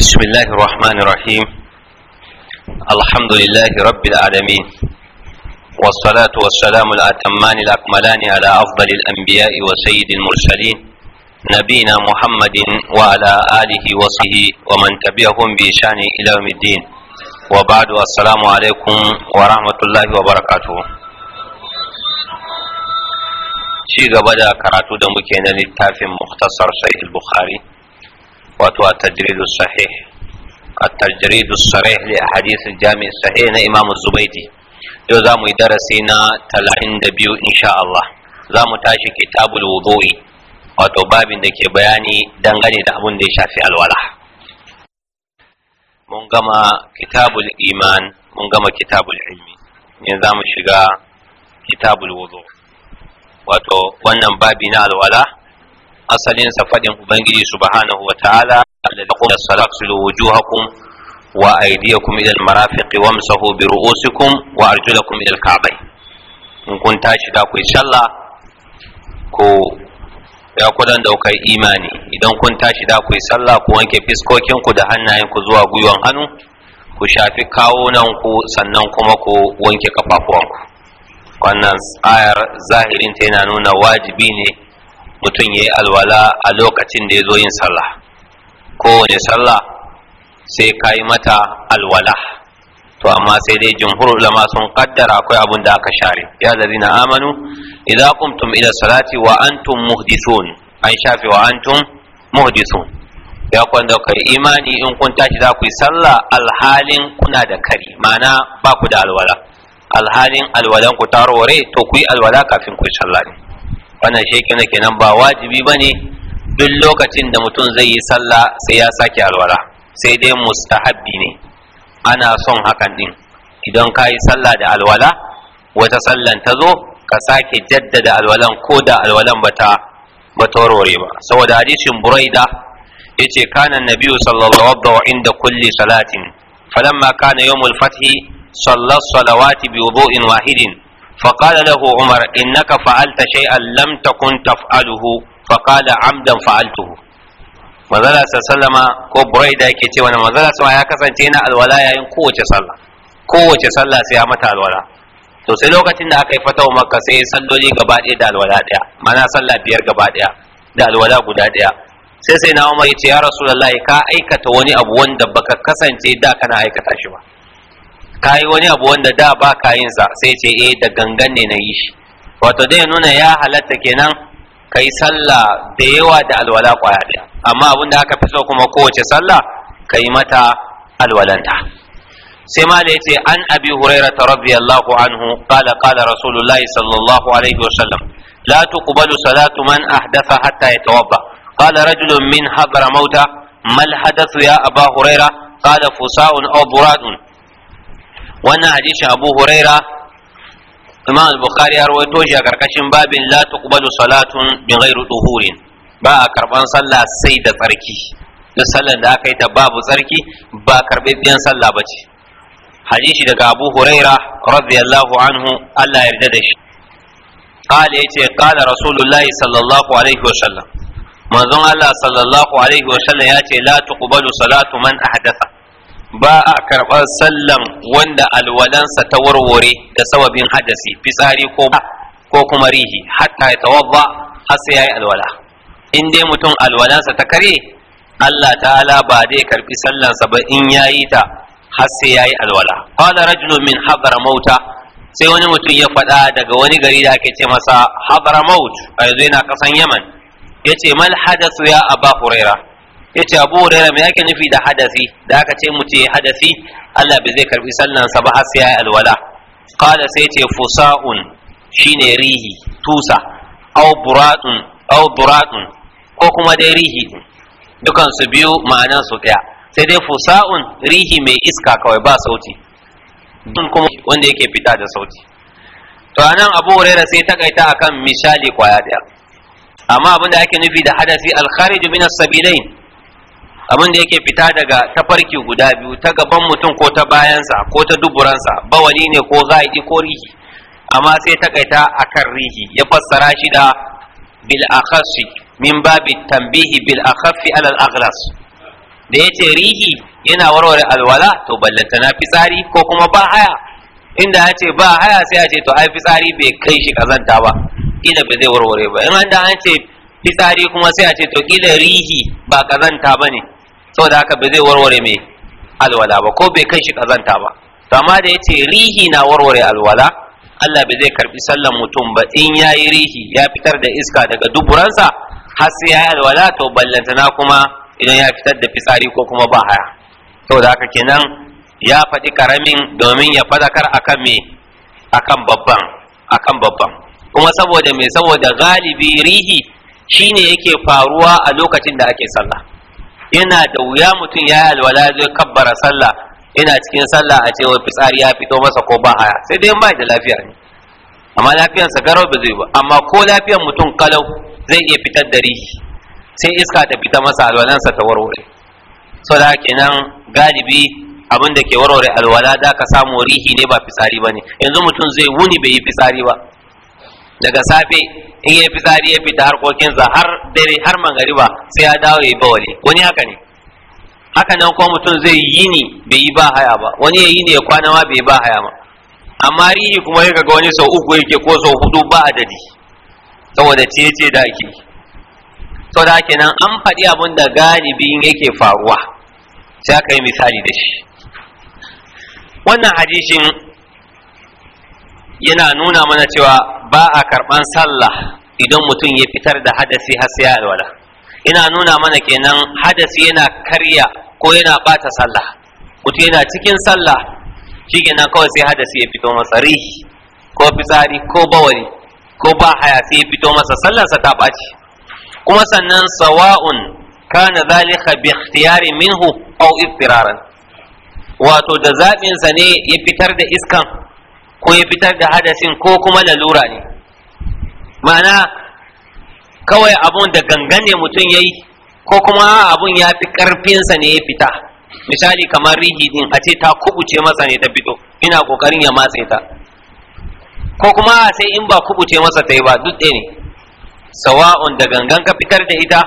بسم الله الرحمن الرحيم الحمد لله رب العالمين والصلاة والسلام الأتمان الأكملان على أفضل الأنبياء وسيد المرسلين نبينا محمد وعلى آله وصحبه ومن تبعهم بإشان إلى يوم الدين وبعد السلام عليكم ورحمة الله وبركاته شيء بدأ كراتو دمكين للتافي مختصر سيد البخاري wato a tajridu sahih a hadisin jami'in sahih na imam zubaidi yau za mu yi darasi na talatin da biyu insha Allah za mu tashi kitabul wudu'i wato babin da ke bayani dangane da abin da ya shafi alwala mun gama kitabul iman mun gama kitabul ilmi yanzu za mu shiga kitabul wudu wato wannan babi na alwala asalin safadin ubangiji subhanahu wa ta'ala alladhi qala salaksu wujuhakum wa aydiyakum ila almarafiqi wamsahu bi ru'usikum wa arjulakum ila alka'bay in kun tashi da ku sallah ko ya kudan da kai imani idan kun tashi da ku sallah ku wanke fiskokin ku da hannayen ku zuwa gwiwan hannu ku shafi kawunan ku sannan kuma ku wanke kafafuwan ku wannan tsayar zahirin ta yana nuna wajibi ne mutum ya yi alwala a lokacin da ya zo yin sallah kowane sallah sai ka yi mata alwala to amma sai dai jumhur ulama sun kaddara akwai abun da aka share ya na amanu idza qumtum ila salati wa antum muhdisun an shafe wa antum muhdisun ya kwanda kai imani in kun tashi za ku yi sallah alhalin kuna da kari Mana ba ku da alwala alhalin alwalan ku tarore to ku yi alwala kafin ku yi sallah ne wannan shi ke kenan ba wajibi ba ne duk lokacin da mutum zai yi sallah sai ya sake alwala sai dai mustahabbi ne ana son hakan din idan ka yi sallah da alwala wata sallan ta zo ka sake jaddada alwalan ko da alwalan bata bata warware ba saboda hadisin buraida yace kana annabiyyu sallallahu alaihi wa inda kulli salatin falamma kana yawmul fathi salla salawati bi wudu'in wahidin فقال له عمر إنك فعلت شيئا لم تكن تفعله فقال عمدا فعلته manzala sallama ko buraida yake ce wani manzala sama ya kasance yana alwala yayin kowace sallah kowace sallah sai ya mata alwala to sai lokacin da aka yi fatawa makka sai salloli gaba ɗaya da alwala ɗaya mana sallah biyar gaba ɗaya da alwala guda ɗaya sai sai na umar ya ce ya rasulullahi ka aikata wani abu wanda baka kasance da kana aikata shi ba ka yi wani abu wanda da ba ka yin sa sai ce eh da gangan ne na yi shi wato dai nuna ya halatta kenan kai sallah da yawa da alwala kwaya ɗaya amma abin da aka fi so kuma kowace sallah yi mata alwalanta sai ma da yace an abi hurairah radiyallahu anhu qala qala rasulullahi sallallahu alaihi wasallam لا تقبل صلاة من أحدث حتى يتوضأ قال رجل من حضر موتى ما الحدث يا أبا هريرة قال فساء أو براد wannan hadisi abu huraira imam al-bukhari ya rawaito shi a karkashin babin la tuqbalu salatun bi ghairi tuhurin ba a karban sallah sai da tsarki da sallar da aka yi ta babu tsarki ba biyan sallah ba ce hadisi daga abu huraira radiyallahu anhu allah yarda da shi قال يتي قال رسول الله صلى الله عليه وسلم manzon Allah sallallahu alaihi wa sallam ya ce la tuqbalu salatu man ahdatha ba a karɓar sallan wanda alwalansa ta warware da sababin hadasi fitsari ko ko kuma rihi hatta ya tawabba har sai yayi alwala in dai mutum alwalansa ta kare Allah ta'ala ba dai karbi sallansa ba in yayi ta har sai yayi alwala qala rajulun min hadra mauta sai wani mutum ya faɗa daga wani gari da ake ce masa hadra maut a yanzu yana kasan Yaman yace mal hadasu ya aba huraira ya ce abu da mai ake nufi da hadasi da aka ce mu ce hadasi Allah bai zai karbi sallansa ba har sai ya alwala kada sai ce fusa'un shine rihi tusa au buratun au buratun ko kuma dai rihi dukan su biyu ma'anan su daya sai dai fusa'un rihi mai iska kawai ba sauti dun kuma wanda yake fita da sauti to anan abu hurairah sai ta kaita akan misali kwaya daya amma abinda ake nufi da hadasi al-kharij min as-sabilain abin da yake fita daga tafarki guda biyu ta gaban mutum ko ta bayansa ko ta duburansa bawali ne ko zaidi ko rihi amma sai ta kaita a kan rihi ya fassara shi da bil akhassi min babi tambihi bil akhaffi ala al aghlas da yace rihi yana warware alwala to ballanta na fitsari ko kuma ba haya inda ya ce ba haya sai a ce to ai fitsari bai kai shi kazanta ba ina ba zai warware ba in an da an ce fitsari kuma sai a ce to kila rihi ba kazanta ba ne saboda haka ba zai warware mai alwala ba ko bai kai shi kazanta ba to amma da yace rihi na warware alwala Allah bai zai karbi sallan mutum ba in yayi rihi ya fitar da iska daga duburansa har sai yayi alwala to ballantana kuma idan ya fitar da fitsari ko kuma ba haya saboda haka kenan ya faɗi karamin domin ya fadakar akan me akan babban akan babban kuma saboda me saboda galibi rihi shine yake faruwa a lokacin da ake sallah yana da wuya mutum ya yi alwala zai kabbara sallah ina cikin sallah a cewa fitsari ya fito masa ko ba haya sai dai ba da lafiya ne amma lafiyarsa garau ba zai ba amma ko lafiyar mutum kalau zai iya fitar da rihi sai iska ta fita masa alwalansa ta warware so da kenan galibi abinda ke warware alwala da ka samu rihi ne ba fitsari ba ne yanzu mutum zai wuni bai yi fitsari ba daga safe in ya fi tsari ya fita harkokinsa har dare har mangariba sai ya dawo ya bawali wani haka ne haka nan kuma mutum zai yi ni bai yi ba haya ba wani ya yi ne ya kwana ma bai ba haya ba. amma rihi kuma ya ga wani sau uku yake ko sau hudu ba adadi saboda ce da ake to da nan, an faɗi abin da galibi yake faruwa sai aka yi misali da shi wannan hadishin yana nuna mana cewa ba a karban sallah idan mutum ya fitar da hadasi har sai ya alwala ina nuna mana kenan hadasi yana karya ko yana bata sallah mutum yana cikin sallah shikenan kawai sai hadasi ya fito masa rihi ko fitsari ko bawari ko ba haya sai ya fito masa sallarsa ta ɓaci kuma sannan sawa'un kana zalika bi ikhtiyari minhu aw iftiraran wato da zaɓinsa ne ya fitar da iskan ko ya fitar da hadasin ko kuma lalura ne ma'ana kawai abun da ne mutum ya yi ko kuma abun ya fi ƙarfinsa ne ya fita misali kamar rihi a ce ta kubuce masa ne ta fito ina ƙoƙarin ya matse ta ko kuma sai in ba kubuce masa ta yi ba duk ɗaya ne sawa'un da gangan ka fitar da ita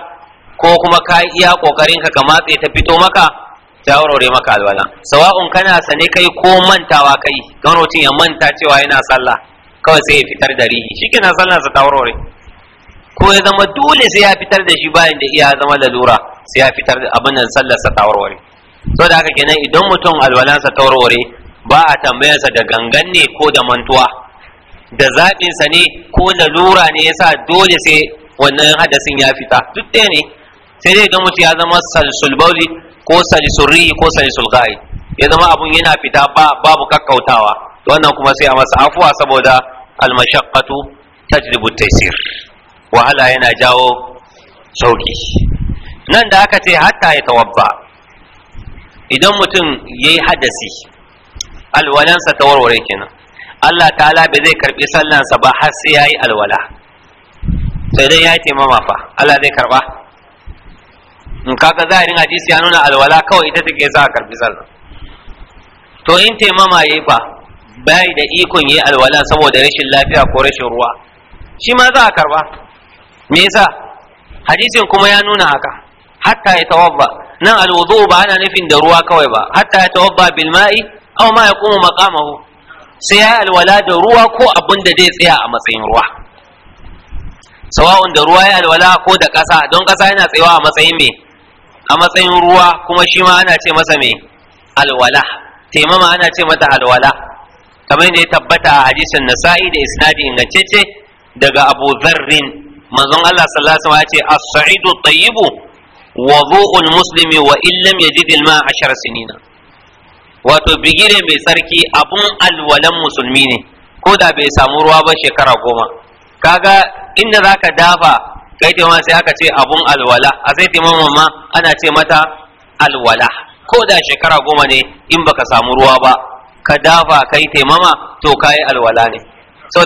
ko kuma ka iya ƙoƙarin ka ka matse ta fito maka ta aurore maka alwala sawa'un kana sane kai ko mantawa kai kamar mutum ya manta cewa yana sallah kawai sai ya fitar da rihi shi kenan sallah sa ta aurore ko ya zama dole sai ya fitar da shi bayan da iya zama lalura sai ya fitar da abin nan sallar sa ta aurore to da haka kenan idan mutum alwalan sa ta aurore ba a tambayar sa da gangan ne ko da mantuwa da zaɓin sa ne ko lalura ne yasa dole sai wannan hadasin ya fita duk ɗaya ne sai dai idan mutum ya zama salsul bauli ko salisurri ko salisul ghaib ya zama abun yana fita babu kakkautawa wannan kuma sai a masa afuwa saboda almashaqqatu tajlibu taysir wahala yana jawo sauki nan da aka ce hatta ya tawabba idan mutum yayi hadasi alwalansa ta warware kenan Allah ta'ala bai zai karbi sallansa ba har sai yayi alwala sai dai ya yi taimama fa Allah zai karba in kaga zahirin hadisi ya nuna alwala kawai ita take sa a karbi sallah to in mama yayi fa bai da ikon yayi alwala saboda rashin lafiya ko rashin ruwa shi ma za a karba me yasa hadisin kuma ya nuna haka hatta ya tawabba nan alwudu ba ana nufin da ruwa kawai ba hatta ya tawabba bil ma'i aw ma yaqumu maqamahu sai ya alwala da ruwa ko abin da zai tsaya a matsayin ruwa sawa'un da ruwa ya alwala ko da ƙasa don ƙasa yana tsayawa a matsayin me a matsayin ruwa kuma shi ma ana ce masa mai alwala taimama ana ce mata alwala kamar yadda ya tabbata a hadisin nasa'i da isnadi ingancece daga abu zarrin manzon Allah sallallahu alaihi wasallam ya ce as-sa'idu tayyibu wa wudu'ul muslimi wa illam yajid al-ma'a ashar sinina wato bigire mai tsarki abun alwalan musulmi ne ko da bai samu ruwa ba shekara goma kaga inda zaka dafa kai taimama sai aka ce abun alwala a sai taimama ma ana ce mata alwala ko da shekara goma ne in baka samu ruwa ba ka dafa kai taimama to ka yi alwala ne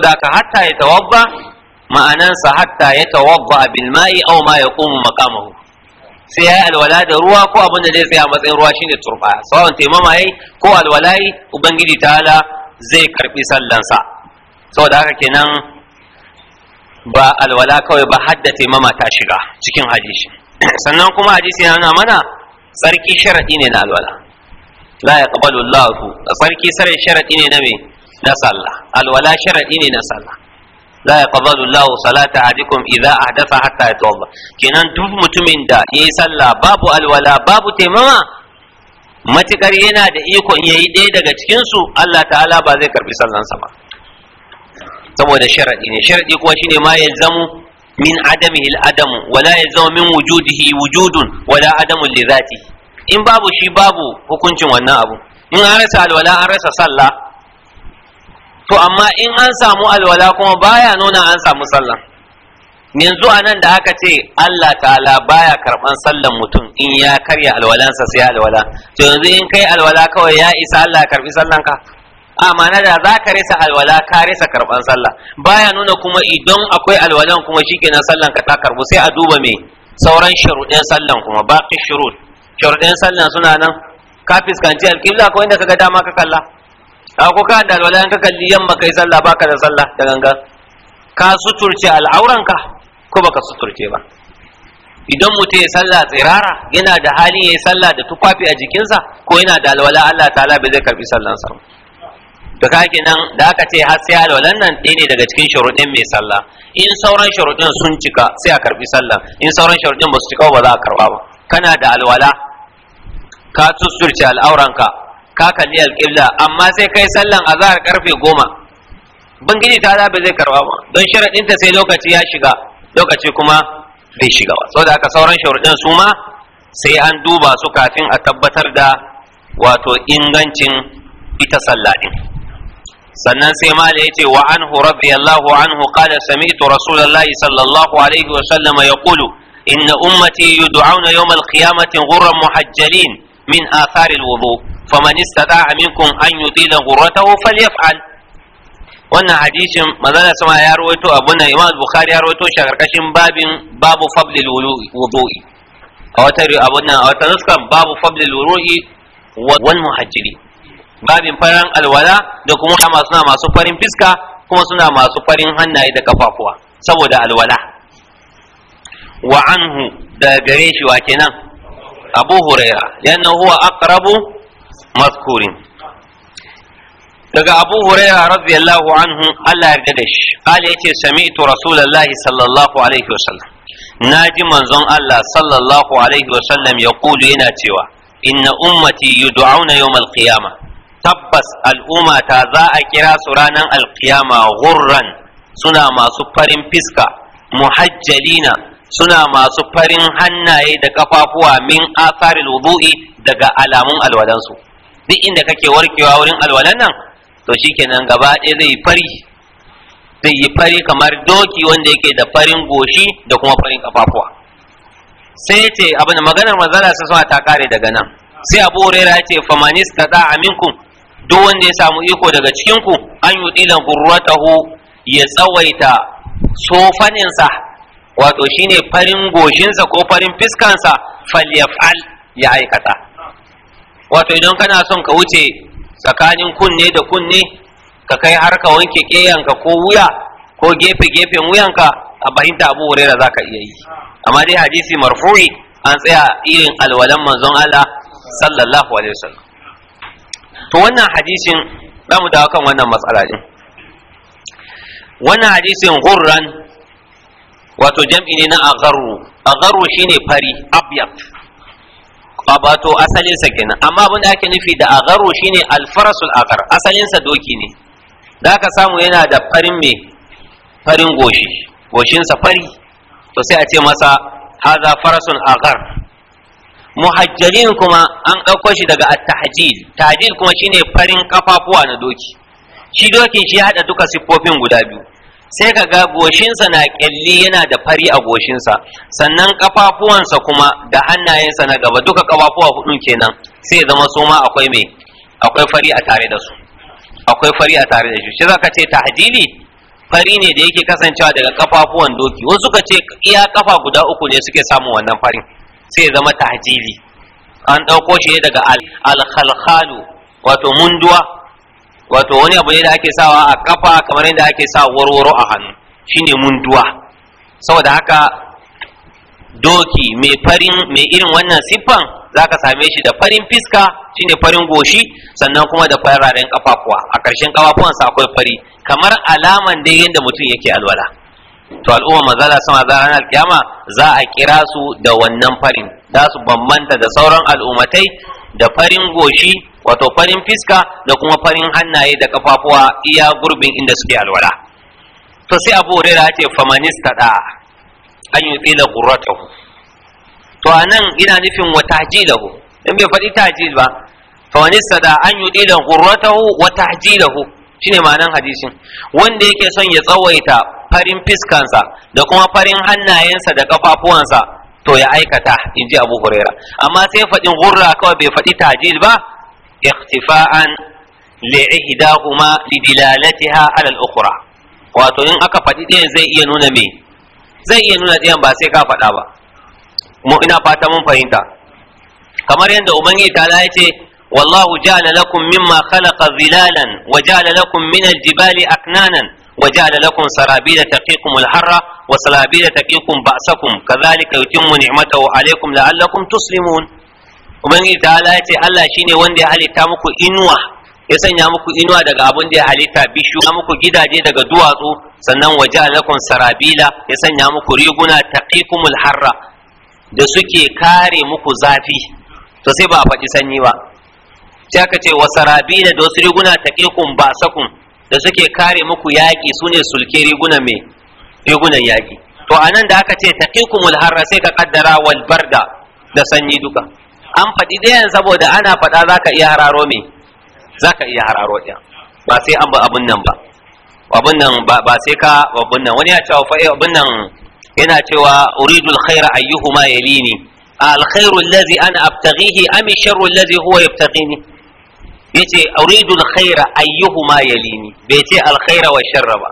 da ka hatta ya tawabba ma'anansa hatta ya tawabba a bilma'i au ma yaqumu makamahu, sai ya yi alwala da ruwa ko abin da zai a matsayin ruwa shine turba sawan taimama yi ko yi ubangiji hala zai karbi sallansa saboda haka kenan ba alwala kawai ba haddace mama ta shiga cikin hadisi sannan kuma hadisi yana nuna mana tsarki sharadi ne na alwala la yaqbalu Allahu tsarki sarai sharadi ne na me na sallah alwala sharadi ne na sallah la yaqbalu Allahu salata ahadikum idza ahdatha hatta yatawadda kenan duk mutumin da yayi sallah babu alwala babu taimama matukar yana da ikon yayi ɗaya daga cikin su Allah ta'ala ba zai karbi sallansa ba saboda sharadi ne sharadi kuma shine ma zamu min adamihi il adam wala zama min wujudihi wujudun wala adamu li zati in babu shi babu hukuncin wannan abu in an rasa alwala an rasa sallah to amma in an samu alwala kuma baya nuna an samu sallah yanzu anan da aka ce Allah ta'ala baya karban sallan mutum in ya karya alwalansa sai alwala to yanzu in kai alwala kawai ya isa Allah karbi ka. amana da za ka resa alwala ka resa karban sallah baya nuna kuma idan akwai alwalan kuma shikenan sallan ka ta karbu sai a duba me sauran shuruɗin sallan kuma baki shurud shuruɗin sallan suna nan ka fiskanci alƙibla ko inda kaga dama ka kalla a ko ka da alwala ka kalli yamma kai sallah baka da sallah da ganga ka suturce al'auranka ko baka suturce ba idan mutum ya sallah tsirara yana da halin ya yi sallah da tufafi a jikinsa ko yana da alwala Allah ta'ala bai zai karbi sallansa to ka nan da aka ce har sai alwalan nan ɗaya ne daga cikin shuruɗin mai sallah in sauran shuruɗin sun cika sai a karɓi sallah in sauran shuruɗin ba su cika ba za a karɓa ba kana da alwala ka tusturce al'auranka ka kalli alƙibla amma sai kai sallan zahar karfe goma bangiji ta za ba zai karɓa ba don sharaɗinta sai lokaci ya shiga lokaci kuma bai shiga ba saboda haka sauran shuruɗin su ma sai an duba su kafin a tabbatar da wato ingancin ita sallah din sannan sai mala yace wa anhu radiyallahu anhu qala sami'tu rasulullahi sallallahu alaihi wa sallama yaqulu inna ummati yud'auna yawm al-qiyamati ghurran muhajjalin min athari al-wudu faman istata'a minkum an yudila ghurratahu falyaf'al wannan hadisin manzon sama ya rawaito abun Imam Bukhari ya rawaito shi a karkashin babin babu fadlil wudu'i a wata abun nan a wata nuskan babu fadlil wudu'i wal muhajjali babin farin alwala da kuma hama suna masu farin fiska kuma suna masu farin hannaye da kafafuwa saboda alwala wa anhu da gare shi wa kenan abu huraira yana huwa aqrabu maskurin daga abu huraira radiyallahu anhu Allah yarda da shi Allah yace sami'tu rasulullahi sallallahu alaihi wasallam naji manzon Allah sallallahu alaihi wasallam yaqulu yana cewa inna ummati yud'auna yawmal qiyamah tabbas al'umma ta za a kira su ranar alkiyama gurran suna masu farin fiska muhajjalina suna masu farin hannaye da kafafuwa min asarin wudu'i daga alamun alwalansu duk inda kake warkewa wurin alwalan nan to shikenan gaba ɗaya zai fari zai yi fari kamar doki wanda yake da farin goshi da kuma farin kafafuwa sai ce abin maganar manzala suna ta kare daga nan sai abu ya ce famanista da aminkum duk wanda ya samu iko daga cikin ku an yudila gurratahu ya tsawaita sofaninsa wato shine farin goshinsa ko farin fiskansa falyaf'al ya aikata wato idan kana son ka wuce tsakanin kunne da kunne ka kai har ka wanke keyanka ko wuya ko gefe gefen wuyanka a fahimta abu huraira za ka iya yi amma dai hadisi marfu'i an tsaya irin alwalan manzon Allah sallallahu alaihi wasallam to wannan hadisin za mu dawo kan wannan matsala din wannan hadisin hurran wato jam'i ne na agharu agharu shine fari abyad a asalin sa kenan amma abin da ake nufi da agharu shine alfarasul aghar asalin sa doki ne da aka samu yana da farin me farin goshi goshin sa fari to sai a ce masa haza farasun aghar muhajjalin kuma an ɗauko shi daga tahajil tahajil kuma kuma shine farin kafafuwa na doki shi dokin shi haɗa duka siffofin guda biyu sai ka ga goshinsa na ƙyalli yana da fari a goshinsa sannan kafafuwansa kuma da hannayensa na gaba duka kafafuwa hudun kenan sai zama su ma akwai mai akwai fari a tare da su akwai fari a tare da shi shi zaka ce tahajili fari ne da yake kasancewa daga kafafuwan doki wasu ka ce iya kafa guda uku ne suke samun wannan farin sai ya zama tahjili an ɗauko shi ne daga alkhalkhalu wato munduwa wato wani abu ne da ake sawa a kafa kamar yadda ake sa warwaro a hannu shine munduwa saboda haka doki mai farin mai irin wannan siffan zaka same shi da farin fiska shine farin goshi sannan kuma da fararen kafafuwa a ƙarshen kafafuwansa akwai fari kamar alaman dai yadda mutum yake alwala to al'umma manzala sama za ranar kiyama za a kira su da wannan farin za su bambanta da sauran al'ummatai da farin goshi wato farin fiska da kuma farin hannaye da kafafuwa iya gurbin inda suke alwala to sai abu hurairah ya ce famanista da an yutila ku. to anan ina nufin wa ku, in bai faɗi tahjil ba famanista da an yi yutila ku wa tahjilahu shine ma'anan hadisin wanda yake son ya tsawaita farin fiskansa da kuma farin hannayensa da kafafuwansa to ya aikata in ji abu huraira amma sai faɗin hurra kawai bai faɗi tajil ba iktifa'an li'ihdahuma lidilalatiha ala al-ukhra wato in aka faɗi ɗaya zai iya nuna me zai iya nuna ɗayan ba sai ka faɗa ba mu ina fata mun fahimta kamar yadda ubangiji ta ya ce والله جعل لكم مما wa ظلالا وجعل لكم من الجبال أكنانا وجعل لكم سرابيل تقيكم الحر وسرابيل تقيكم بأسكم كذلك يتم نعمته عليكم لعلكم تسلمون ubangiji ta ala ya ce Allah shine wanda ya halitta muku inuwa ya sanya muku inuwa daga abin da ya halitta bishu ya muku gidaje daga duwatsu sannan waje alakun sarabila ya sanya muku riguna taqikumul harra da suke kare muku zafi to sai ba a faɗi sanyi ba sai aka ce wa da wasu riguna taqikum ba sakun da suke kare muku yaƙi su ne sulke rigunan mai rigunan yaƙi to a nan da aka ce taqikumul harra sai ka kaddara wal barda da sanyi duka an faɗi ɗayan saboda ana faɗa za ka iya hararo me ka iya hararo ɗaya ba sai an ba abun nan ba abun nan ba sai ka abun nan wani ya cewa fa eh, abun nan yana cewa uridul khaira ayyuhuma yalini alkhairu allazi ana abtaghihi am sharru allazi huwa yabtaghini yace uridu alkhaira ayyuhuma yalini bai ce alkhaira wa sharra ba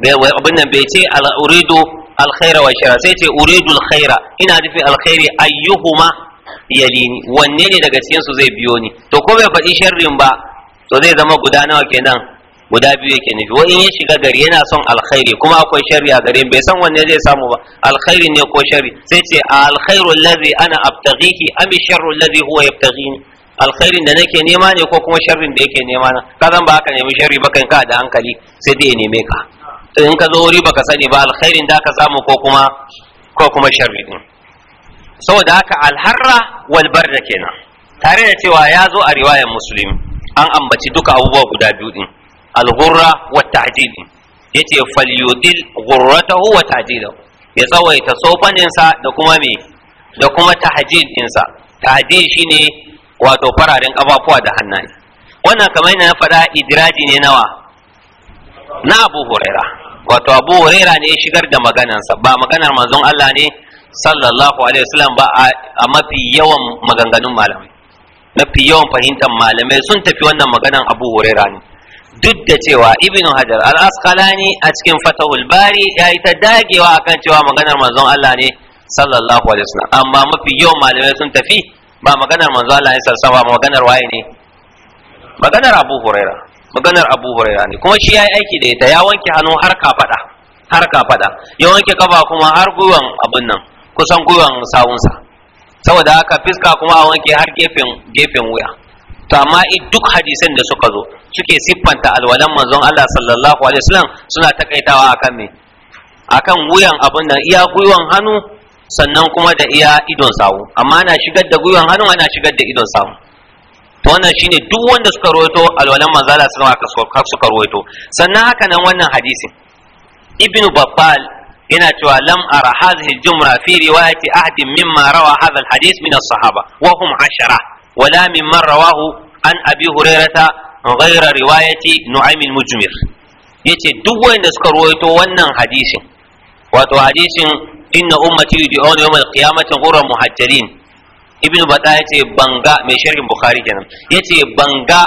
bai abin nan bai ce uridu alkhaira wa sharra sai ce uridu alkhaira ina nufin alkhairi ayyuhuma yalini wanne ne daga cikin su zai biyo ni to ko bai faɗi sharrin ba to zai zama guda nawa kenan guda biyu yake nufi Wani in ya shiga gari yana son alkhairi kuma akwai sharri a garin bai san wanne zai samu ba alkhairi ne ko sharri sai ce alkhairu allazi ana abtaghihi am sharru allazi huwa yabtaghini alkhairin da nake nema ne ko kuma sharrin da yake nema na ka zan ba ka nemi sharri ba kan ka da hankali sai dai ya neme ka in ka zo wuri baka sani ba alkhairin da ka samu ko kuma ko kuma sharri din saboda haka alharra wal barda kenan tare da cewa ya zo a riwayar muslim an ambaci duka abubuwa guda biyu din alghurra wa ta'dil yace falyudil ghurratahu wa ta'dilahu ya tsawaita sofaninsa da kuma me da kuma tahjil dinsa tahjil shine wato fararen kafafuwa da hannaye wannan kamar yana na faɗa idiraji ne nawa na abu huraira wato abu huraira ne ya shigar da maganansa ba maganar manzon Allah ne sallallahu alaihi wasallam ba a mafi yawan maganganun malamai mafi yawan fahimtar malamai sun tafi wannan maganar abu huraira ne duk da cewa ibnu hajar al-asqalani a cikin fatahul bari ya yi ta dagewa akan cewa maganar manzon Allah ne sallallahu alaihi wasallam amma mafi yawan malamai sun tafi ba maganar manzo Allah ya ba maganar waye ne maganar Abu Huraira maganar Abu Huraira ne kuma shi yayi aiki da ita ya wanke hannu har kafada har kafada ya wanke kafa kuma har gwiwan abin nan kusan gwiwan sawunsa saboda haka fiska kuma a wanke har gefen gefen wuya to amma duk hadisan da suka zo suke siffanta alwalan manzon Allah sallallahu alaihi wasallam suna takaitawa akan me akan wuyan abin nan iya gwiwan hannu sannan kuma da iya idon sawu amma ana shigar da gwiwan hannu ana shigar da idon sawu to wannan shine duk wanda suka rawaito alwalan manzala sun haka suka rawaito sannan haka nan wannan hadisin ibnu babbal yana cewa lam ara hadhihi jumra fi riwayati ahadin mimma rawa hadha alhadith min as-sahaba wa hum ashara wala mimman rawahu an abi hurairata ghayra riwayati nu'aym al-mujmir yace duk wanda suka rawaito wannan hadisin wato hadisin inna ummati yud'una yawm al-qiyamati ghurran muhajjalin ibn bada yace banga mai sharhin bukhari kenan yace banga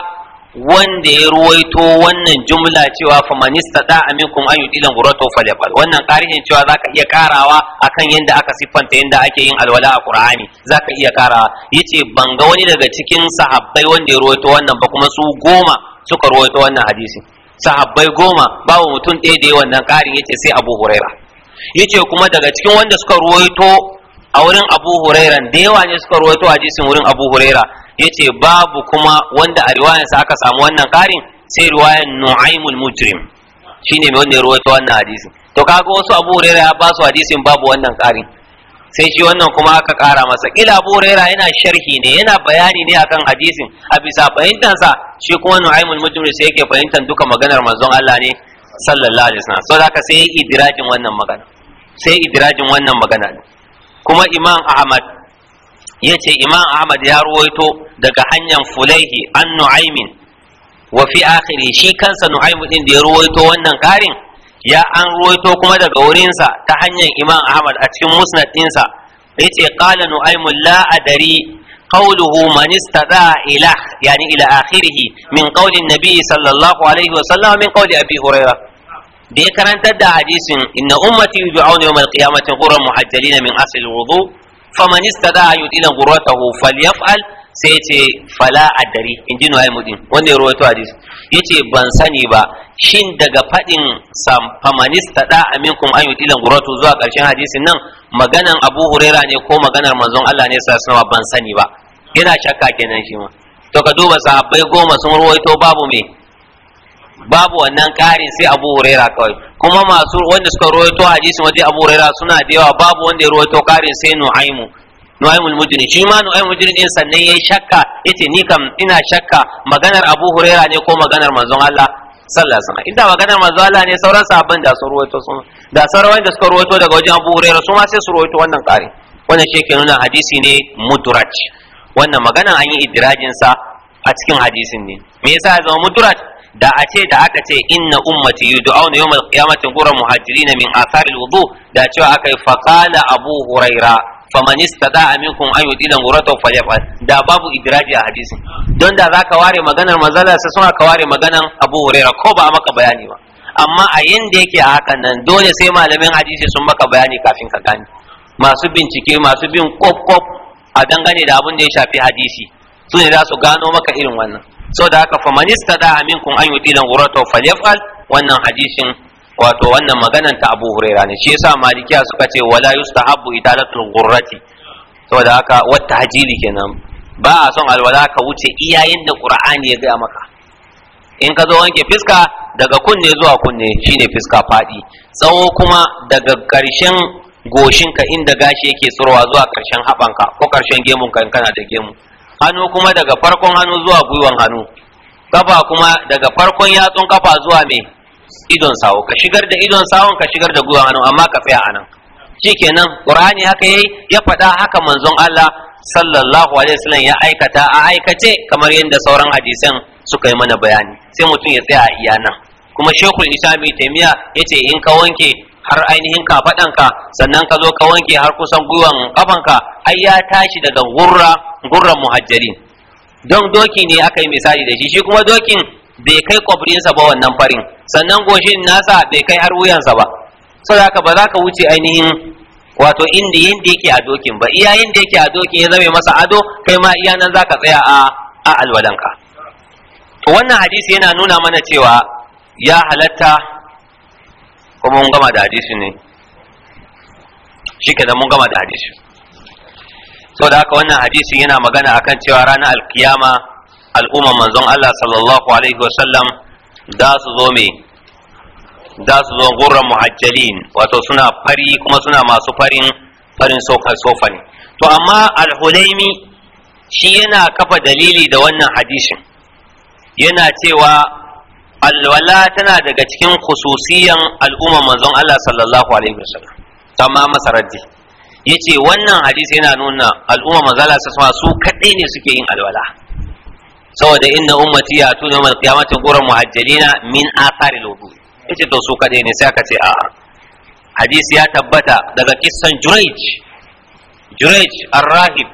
wanda ya ruwaito wannan jumla cewa fa man istada aminkum an yudilan ghurratu falyafal wannan ƙarin cewa zaka iya karawa akan yanda aka siffanta yanda ake yin alwala a qur'ani zaka iya karawa yace banga wani daga cikin sahabbai wanda ya ruwaito wannan ba kuma su goma suka ruwaito wannan hadisi sahabbai goma babu mutum ɗaya da wannan ƙarin yace sai abu huraira yace kuma daga cikin wanda suka ruwaito a wurin Abu Hurairan da yawa ne suka ruwaito hadisin wurin Abu Huraira yace babu kuma wanda a riwayarsa aka samu wannan karin sai riwayar nu'aimul Mujrim shine mai wanda ya ruwaito wannan hadisi to kaga wasu Abu Huraira ya ba su hadisin babu wannan karin sai shi wannan kuma aka kara masa kila Abu Huraira yana sharhi ne yana bayani ne akan hadisin a bisa fahimtansa shi kuma nu'aimul Mujrim sai yake fahimtan duka maganar manzon Allah ne sallallahu alaihi wasallam so zaka sai idrajin wannan magana sai idrajin wannan magana kuma imam ahmad yace imam ahmad ya ruwaito daga hanyar fulaihi an nu'aymin wa fi akhiri shi kansa nua'imu din da ya ruwaito wannan karin ya an ruwaito kuma daga wurinsa ta hanyar imam ahmad a cikin musnad dinsa yace qala nu'aymu la adari قوله من استدعى إله يعني إلى آخره من قول النبي صلى الله عليه وسلم من قول أبي هريرة da ya karantar da hadisin inna ummati yud'auna yawm al-qiyamati ghurran muhajjalin min asl al-wudu faman istada yudila ghurratahu falyaf'al sai ce fala adari inji nuhay mudin wannan ruwaito hadisi yace ban sani ba shin daga fadin famanista da aminkum an yutilan guratu zuwa karshen hadisin nan maganan Abu Huraira ne ko maganar manzon Allah ne sallallahu alaihi ban sani ba yana shakka kenan shi ma to ka duba sahabbai goma sun ruwaito babu me babu wannan karin sai Abu Huraira kawai kuma masu wanda suka ruwaito hadisin waje Abu Huraira suna da yawa babu wanda ya ruwaito karin sai Nu'aimu nu'aymul mujrin shi ma nu'aymul mujrin din sannan yayi shakka yace ni kam ina shakka maganar Abu Huraira ne ko maganar manzon Allah sallallahu alaihi wasallam inda maganar manzon Allah ne sauran sahabban da sun ruwaito sun da sauran wanda suka ruwaito daga wajen Abu Huraira su ma sai su ruwaito wannan ƙari wannan shi ke nuna hadisi ne mudraj wannan maganar an yi idrajin sa a cikin hadisin ne me yasa ya zama mudraj da a ce da aka ce inna ummati yud'auna yawmal qiyamati ghurra muhajirin min athari alwudu da cewa aka yi faqala abu huraira faman istata aminkum an yudila ghurata falyafal da babu idraji a hadisi don da zaka ware maganar manzala sai suna ka ware maganar Abu Hurairah ko ba maka bayani ba amma a yanda yake a hakan nan dole sai malamin hadisi sun maka bayani kafin ka gane masu bincike masu bin kop kop a dangane da abin da ya shafi hadisi su ne za su gano maka irin wannan saboda haka faman istata aminkum an yudila ghurata falyafal wannan hadisin wato wannan maganan ta Abu Huraira ne shi yasa malikiya suka ce wala yustahabbu italatul ghurrati saboda haka wata hajili kenan ba a son alwala ka wuce iyayen da Qur'ani ya ga maka in ka zo wanke fiska daga kunne zuwa kunne shine fiska fadi tsawo kuma daga ƙarshen goshinka inda gashi yake tsirowa zuwa ƙarshen haɓanka ko ƙarshen ka, in kana da gemu hannu kuma daga farkon hannu zuwa gwiwan hannu kafa kuma daga farkon yatsun kafa zuwa mai idon sawo ka shigar da idon sawon ka shigar da gwiwa hannu amma ka tsaya anan shikenan qur'ani haka yayi ya faɗa haka manzon Allah sallallahu alaihi wasallam ya aikata a aikace kamar yadda sauran hadisan suka yi mana bayani sai mutum ya tsaya a iya nan kuma shekul islam taimiya ya ce in ka wanke har ainihin kafaɗanka sannan ka zo ka wanke har kusan gwiwan kafanka ai ya tashi daga gurra gurran don doki ne aka yi misali da shi shi kuma dokin bai kai kwabrinsa ba wannan farin sannan goshin nasa bai kai har wuyansa ba saboda haka ba za ka wuce ainihin wato inda yanda yake a dokin ba iya yanda yake a dokin ya zame masa ado kai ma iya nan za ka tsaya a a alwalanka to wannan hadisi yana nuna mana cewa ya halatta kuma mun gama da hadisi ne Shi ke mun gama da hadisi saboda haka wannan hadisi yana magana akan cewa ranar alkiyama Al'umma, manzon Allah sallallahu alaihi wasallam da su zo me da su zo gurran muhajjalin wato suna fari kuma suna masu farin farin sofa sofa ne to amma al-hulaimi shi yana kafa dalili da wannan hadisin yana cewa alwala tana daga cikin khususiyan al'umma, manzon Allah sallallahu alaihi wasallam amma masaraddi yace wannan hadisi yana nuna al'umma manzon Allah sallallahu alaihi wasallam su kadai ne suke yin alwala saboda inna ummati ya tuna mal qiyamati quran muhajjalina min atharil wudu yace to su kadai ne sai aka ce a'a. hadisi ya tabbata daga kissan jurayj jurayj ar-rahib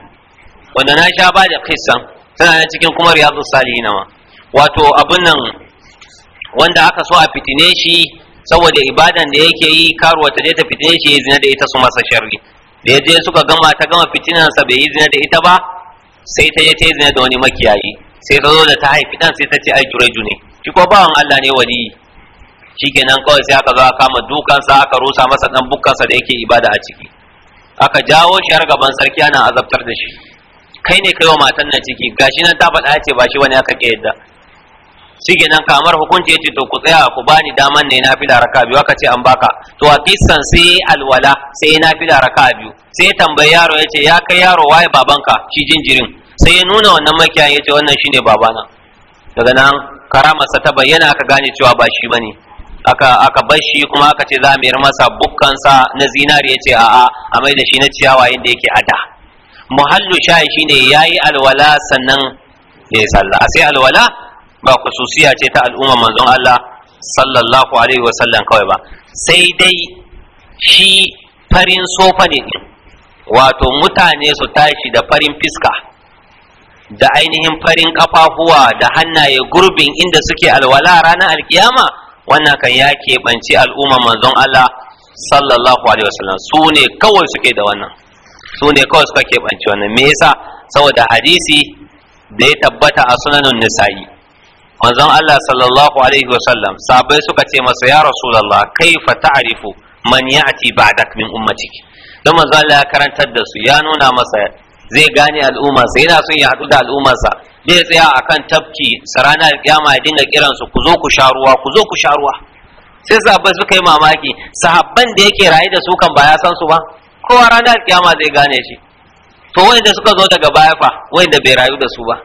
wanda na sha ba da kissan tana na cikin kuma riyadu salihina ma wato abun nan wanda aka so a fitine shi saboda ibadan da yake yi karuwa ta je ta fitine shi zina da ita su masa sharri da ya je suka gama ta gama fitinansa bai yi zina da ita ba sai ta je ta zina da wani makiyayi sai ta zo da ta haifi dan sai ta ce ai juraju ne shi ko bawan Allah ne wali kenan kawai sai aka zo aka kama dukansa aka rusa masa dan bukkansa da yake ibada a ciki aka jawo shi har gaban sarki ana azabtar da shi kai ne kaiwa matan nan ciki gashi nan ta faɗa ce ba shi wani aka ke yadda kenan kamar hukunci yace to ku tsaya ku bani daman ne na da raka biyu aka ce an baka to a kissan sai alwala sai na da raka biyu sai tambayi yaro yace ya kai yaro waye babanka shi jinjirin sai ya nuna wannan makiyayin ya ce wannan shine babana daga nan karamarsa ta bayyana aka gane cewa ba shi bane aka aka bar shi kuma aka ce za mu yar masa bukkansa na zinari ya ce a'a a mai da shi na ciyawa yadda yake ada muhallu shayi shine yayi alwala sannan ya yi sallah a sai alwala ba kususiya ce ta al'umma manzon Allah sallallahu alaihi wasallam kawai ba sai dai shi farin sofa ne wato mutane su tashi da farin fiska da ainihin farin kafafuwa da hannaye gurbin inda suke alwala ranar alkiyama wannan kan ya keɓanci al'umma manzon Allah sallallahu alaihi wasallam su ne kawai suke da wannan su ne kawai suka keɓanci wannan me yasa saboda hadisi da ya tabbata a sunanun nisa'i manzon Allah sallallahu alaihi wasallam sabai suka ce masa ya rasulullah kaifa ta'rifu man ya'ti ba'dak min ummatik dan manzon Allah ya karantar da su ya nuna masa zai gane al'ummarsa yana son ya haɗu da al'ummarsa bai tsaya akan tafki ranar alƙiyama ya dinga kiransu ku zo ku sha ruwa ku zo ku sha ruwa sai sahabbai suka yi mamaki sahabban da yake raye da su kan ba ya san su ba kowa ranar alƙiyama zai gane shi to wanda suka zo daga baya fa wanda bai rayu da su ba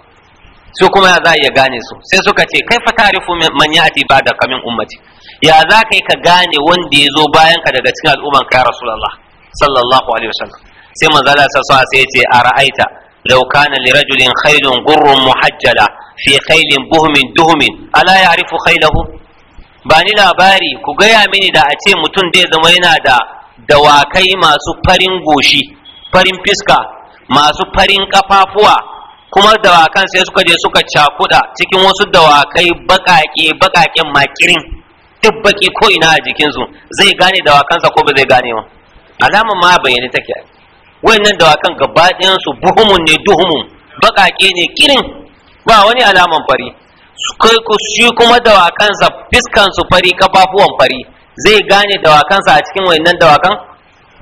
su kuma ya za iya gane su sai suka ce kai fa tarifu man yati ba da kamin ummati ya za ka yi ka gane wanda ya zo bayan ka daga cikin al'umman ka rasulullah sallallahu alaihi wasallam sai manzo Allah sallallahu alaihi sai ya ce ara'aita law kana li rajulin khaylun gurrun muhajjala fi khaylin buhmin duhmin ala ya'rifu khaylahu ba ni labari ku gaya mini da a ce mutum zai zama yana da dawakai masu farin goshi farin fiska masu farin kafafuwa kuma dawakan sai suka je suka cakuda cikin wasu dawakai bakake bakaken makirin duk baki ko ina a jikinsu zai gane dawakansa ko ba zai gane ba Alama ma bayyane take wayannan dawakan gaba su buhumun ne duhumun baƙaƙe ne kirin ba wani alaman fari shi kuma dawakansa fiskansu fari kafafuwan fari zai gane dawakansa a cikin wayannan dawakan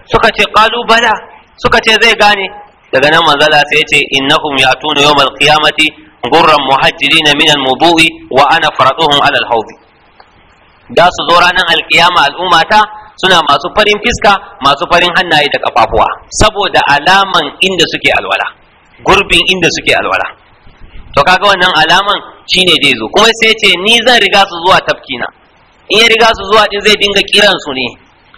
suka ce kalubala suka ce zai gane daga nan manzala sai ce innahum yatuna yawmal qiyamati gurran muhajjirina min al-mudu'i wa ana faraduhum ala al-hawdi da su zo ranar alkiyama al'ummata suna masu farin fiska masu farin hannaye da kafafuwa saboda alaman inda suke alwala gurbin inda suke alwala to kaga wannan alaman shine zai zo kuma sai ce ni zan riga su zuwa tafkina in ya riga su zuwa din zai dinga kiran su ne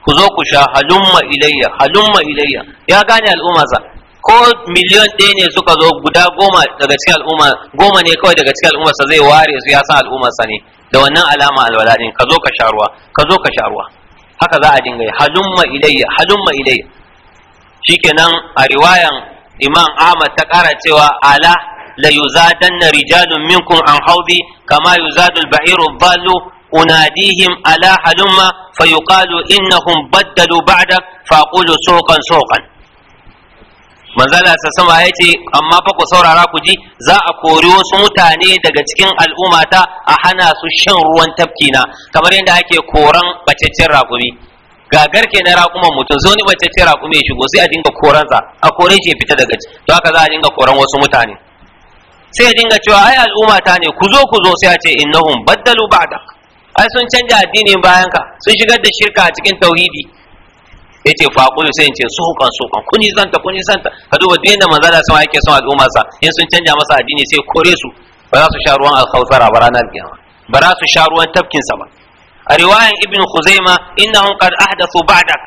ku zo ku sha halumma ilayya halumma ilayya ya gane al'umma sa. ko miliyon ɗaya ne suka zo guda goma daga cikin al'umma goma ne kawai daga cikin al'ummarsa zai ware su ya sa al'ummarsa ne da wannan alama alwala din ka zo ka sha ka zo ka sha ruwa haka za a dinga yi halumma ilayya halumma ilayya shikenan a riwayan imam ahmad ta kara cewa ala la yuzadanna rijalun minkum an haudi kama yuzadul ba'iru balu ala ألا هلم فيقال إنهم بدلوا بعدك فأقول سوقا سوقا manzala sa sama ya ce amma fa ku saurara ku ji za a kori wasu mutane daga cikin al'ummata a hana su shan ruwan tafkina kamar yadda ake koran bacaccen rakumi ga garke na rakuman mutum zo ni bacaccen rakumi ya shigo sai a dinga sa a kore shi fita daga ci to haka za a dinga koran wasu mutane sai ya dinga cewa ai al'ummata ne ku zo ku zo sai a ce innahum baddalu ba'dak ai sun canja addini bayan ka sun shigar da shirka a cikin tauhidi sai ce fa sai in ce sukan sukan kun yi zanta kun yi zanta ka duba dina manzo da sama yake son al'umma sa in sun canja masa addini sai kore su ba za su sha ruwan alkhausara ba ranar kiyama ba za su sha ruwan tafkin sa ba a riwayan ibn khuzaima innahum qad ahdathu ba'dak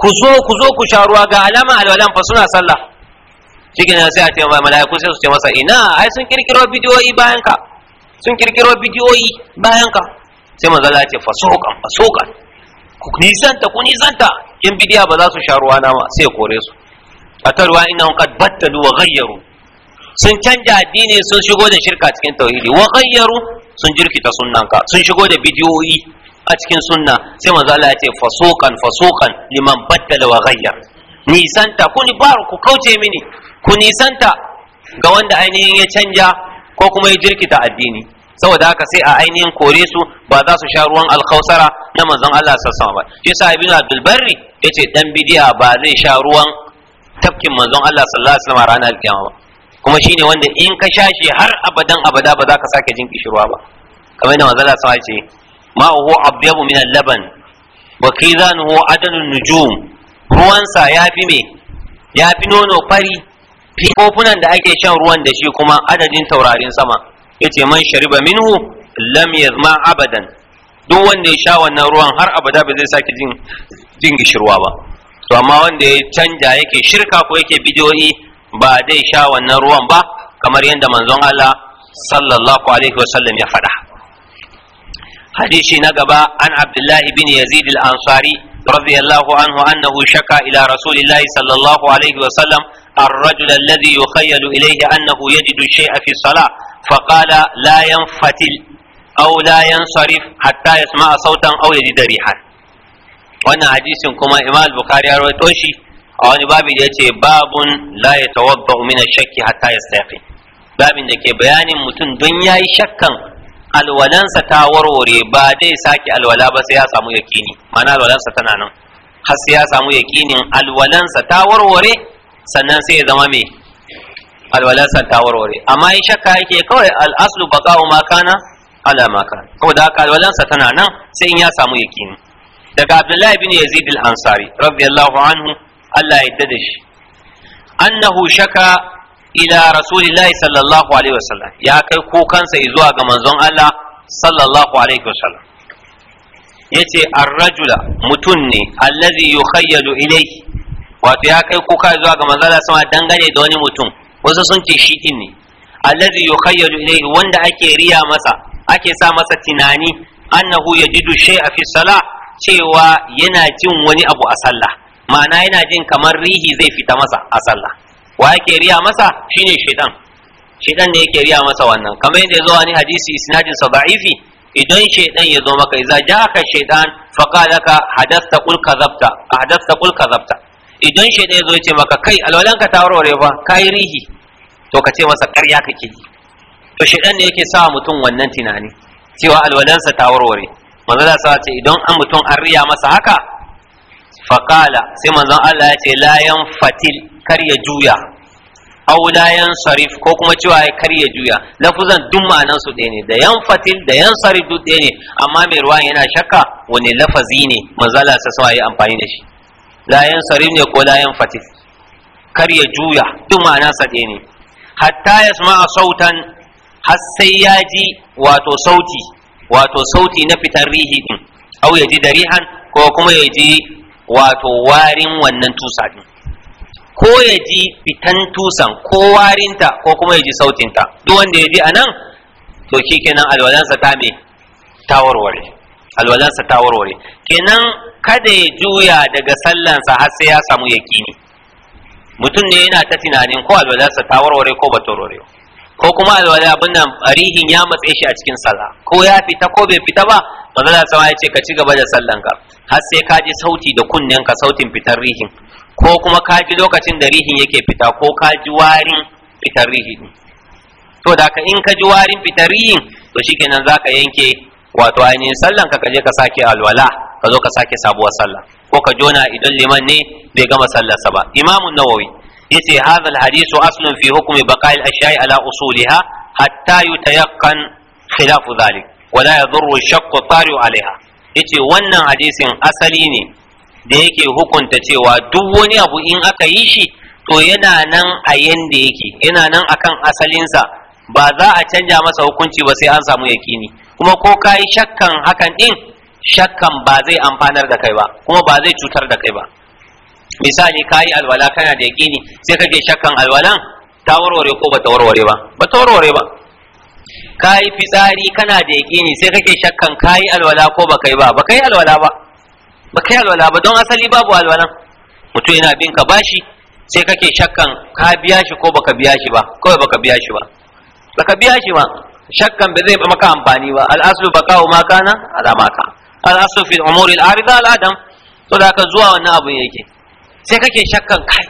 ku zo ku zo ku sha ruwa ga alama alwalan fa suna sallah cikin sai a ce mala'iku sai su ce masa ina ai sun kirkiro bidiyoyi bayan ka sun kirkiro bidiyoyi bayan ka sai manzo Allah ya ce fasukan fasukan ku nisanta ku nisanta in bidiya ba za su sha ruwa na ma sai ya kore su a ta ruwa ina kad battalu wa ghayyaru sun canja addini sun shigo da shirka cikin tauhidi wa ghayyaru sun jirkita ka sun shigo da bidiyoyi a cikin sunna sai manzo Allah ya ce fasukan fasukan liman battala wa ghayyar nisanta ku ni baro ku kauce mini ku nisanta ga wanda ainihin ya canja ko kuma ya jirkita addini saboda haka sai a ainihin kore su ba za su sha ruwan alkausara na manzon Allah sassan ba shi yasa ibn abdul barri yace dan bidiya ba zai sha ruwan tafkin manzon Allah sallallahu alaihi wasallam ranar alkiyama ba kuma shine wanda in ka sha shi har abadan abada ba za ka sake jin kishirwa ba kamar yadda manzon Allah ya ce ma'uhu abyabu min al-laban wa kizanuhu adanun nujum ruwansa yafi me nono fari kofunan da ake shan ruwan da shi kuma adadin taurarin sama yace man shariba minhu lam yazma abadan duk wanda ya sha wannan ruwan har abada ba zai sake jin jin gishirwa ba to amma wanda ya canja yake shirka ko yake bidiyoyi ba zai sha wannan ruwan ba kamar yadda manzon Allah sallallahu alaihi wasallam ya faɗa hadisi na gaba an abdullahi bin yazid al-ansari radiyallahu anhu annahu shaka ila rasulillahi sallallahu alaihi wasallam الرجل الذي يخيل إليه أنه يجد الشيء في الصلاة faƙala layan fatil au layan sarif hatta ya a sautan au ya da rihan wannan hadisin kuma imam bukhari ya rawaito shi a wani babi ya ce babu la ya tawadda min shakki hatta ya sayafi babin da ke bayanin mutum don ya yi shakkan alwalansa ta warware ba zai sake alwala ba sai ya samu yaƙini ma'ana alwalansa tana nan har ya samu yaƙinin alwalansa ta warware sannan sai ya zama mai alwalansa ta warware amma in shakka yake kawai al'aslu baqa'u ma kana ala ma kana kawai da haka alwalansa tana nan sai in ya samu yakini daga Abdullahi bin Yazid al-Ansari radiyallahu anhu Allah ya da shi annahu shaka ila rasulillahi sallallahu alaihi wasallam ya kai kukansa zuwa ga manzon Allah sallallahu alaihi wasallam yace ar-rajula mutun ne allazi yukhayyalu ilayhi wato ya kai kuka zuwa ga manzon Allah sama dangane da wani mutum wasu sun ce shi din ne allazi yukhayyalu ilayhi wanda ake riya masa ake sa masa tunani annahu yajidu shay'a fi salah cewa yana jin wani abu a sallah ma'ana yana jin kamar rihi zai fita masa a sallah wa yake riya masa shine shaitan shaitan ne yake riya masa wannan kamar yadda zo wani hadisi isnadin sa da'ifi idan shaitan ya zo maka idza ja'aka shaitan faqalaka hadasta qul kadhabta hadasta qul kadhabta idan shaitan ya zo ya ce maka kai alwalanka ta warware ba kai rihi to ka ce masa ƙarya kake yi to shedan ne yake sa mutum wannan tunani cewa alwalansa ta warware manzo da sa ce idan an mutum an riya masa haka faqala sai manzo Allah ya ce la yan fatil kar ya juya aw la yan sarif ko kuma cewa ya kar ya juya lafuzan duk ma'anan su ne da fatil da yan sarif duk ɗaya amma mai ruwan yana shakka wani lafazi ne manzo Allah sa sa yi amfani da shi la yan sarif ne ko la yan fatil kar ya juya duk ma'anansa ɗaya ne hatta a sautan har sai ya ji wato sauti wato sauti na fitar rihi din au ya ji darihan ko kuma ya ji wato warin wannan tusa din ko ya ji fitan tusan ko warinta ko kuma ya ji sautinta duk wanda ya ji anan to kenan alwalansa ta me tawarware warware alwalansa ta kenan kada ya juya daga sallansa har sai ya samu yakini mutum ne yana ta tunanin ko alwalarsa ta warware ko ba ta warware ko kuma alwala abin nan rihin ya matse shi a cikin sallah ko ya fita ko bai fita ba manzala sama ya ce ka ci gaba da sallan ka har sai ka ji sauti da kunnen ka sautin fitar rihin ko kuma ka ji lokacin da rihin yake fita ko ka ji warin fitar rihin to da ka in ka ji warin fitar rihin to shikenan zaka yanke wato ainihin sallan ka ka je ka sake alwala ka zo ka sake sabuwar sallah ko ka jona idan liman ne bai gama sallarsa ba imamun nawawi yace hadha alhadisu aslun fi hukmi baqa'i al ala usuliha hatta yutayaqqan khilafu dhalik wa la yadurru ash-shakku alaiha yace wannan hadisin asali ne da yake hukunta cewa duk wani abu in aka yi shi to yana nan a yanda yake yana nan akan asalinsa ba za a canja masa hukunci ba sai an samu yakini kuma ko ka yi shakkan hakan din shakkan ba zai amfanar da kai ba kuma ba zai cutar da kai ba misali ka yi alwala kana da yaƙini sai ka je shakkan alwalan ta warware ko ba ta warware ba ba ta warware ba ka yi fitsari kana da yaƙini sai kake shakkan ka yi alwala ko ba kai ba ba kai alwala ba ba kai alwala ba don asali babu alwalan mutum yana bin ka bashi sai kake shakkan ka biya shi ko baka biya shi ba kawai baka biya shi ba baka biya shi ba shakkan ba zai maka amfani ba al'aslu ba ma kana ala ma al'asu fi umuri al'arida al'adam to da ka zuwa wannan abun yake sai kake shakkan kai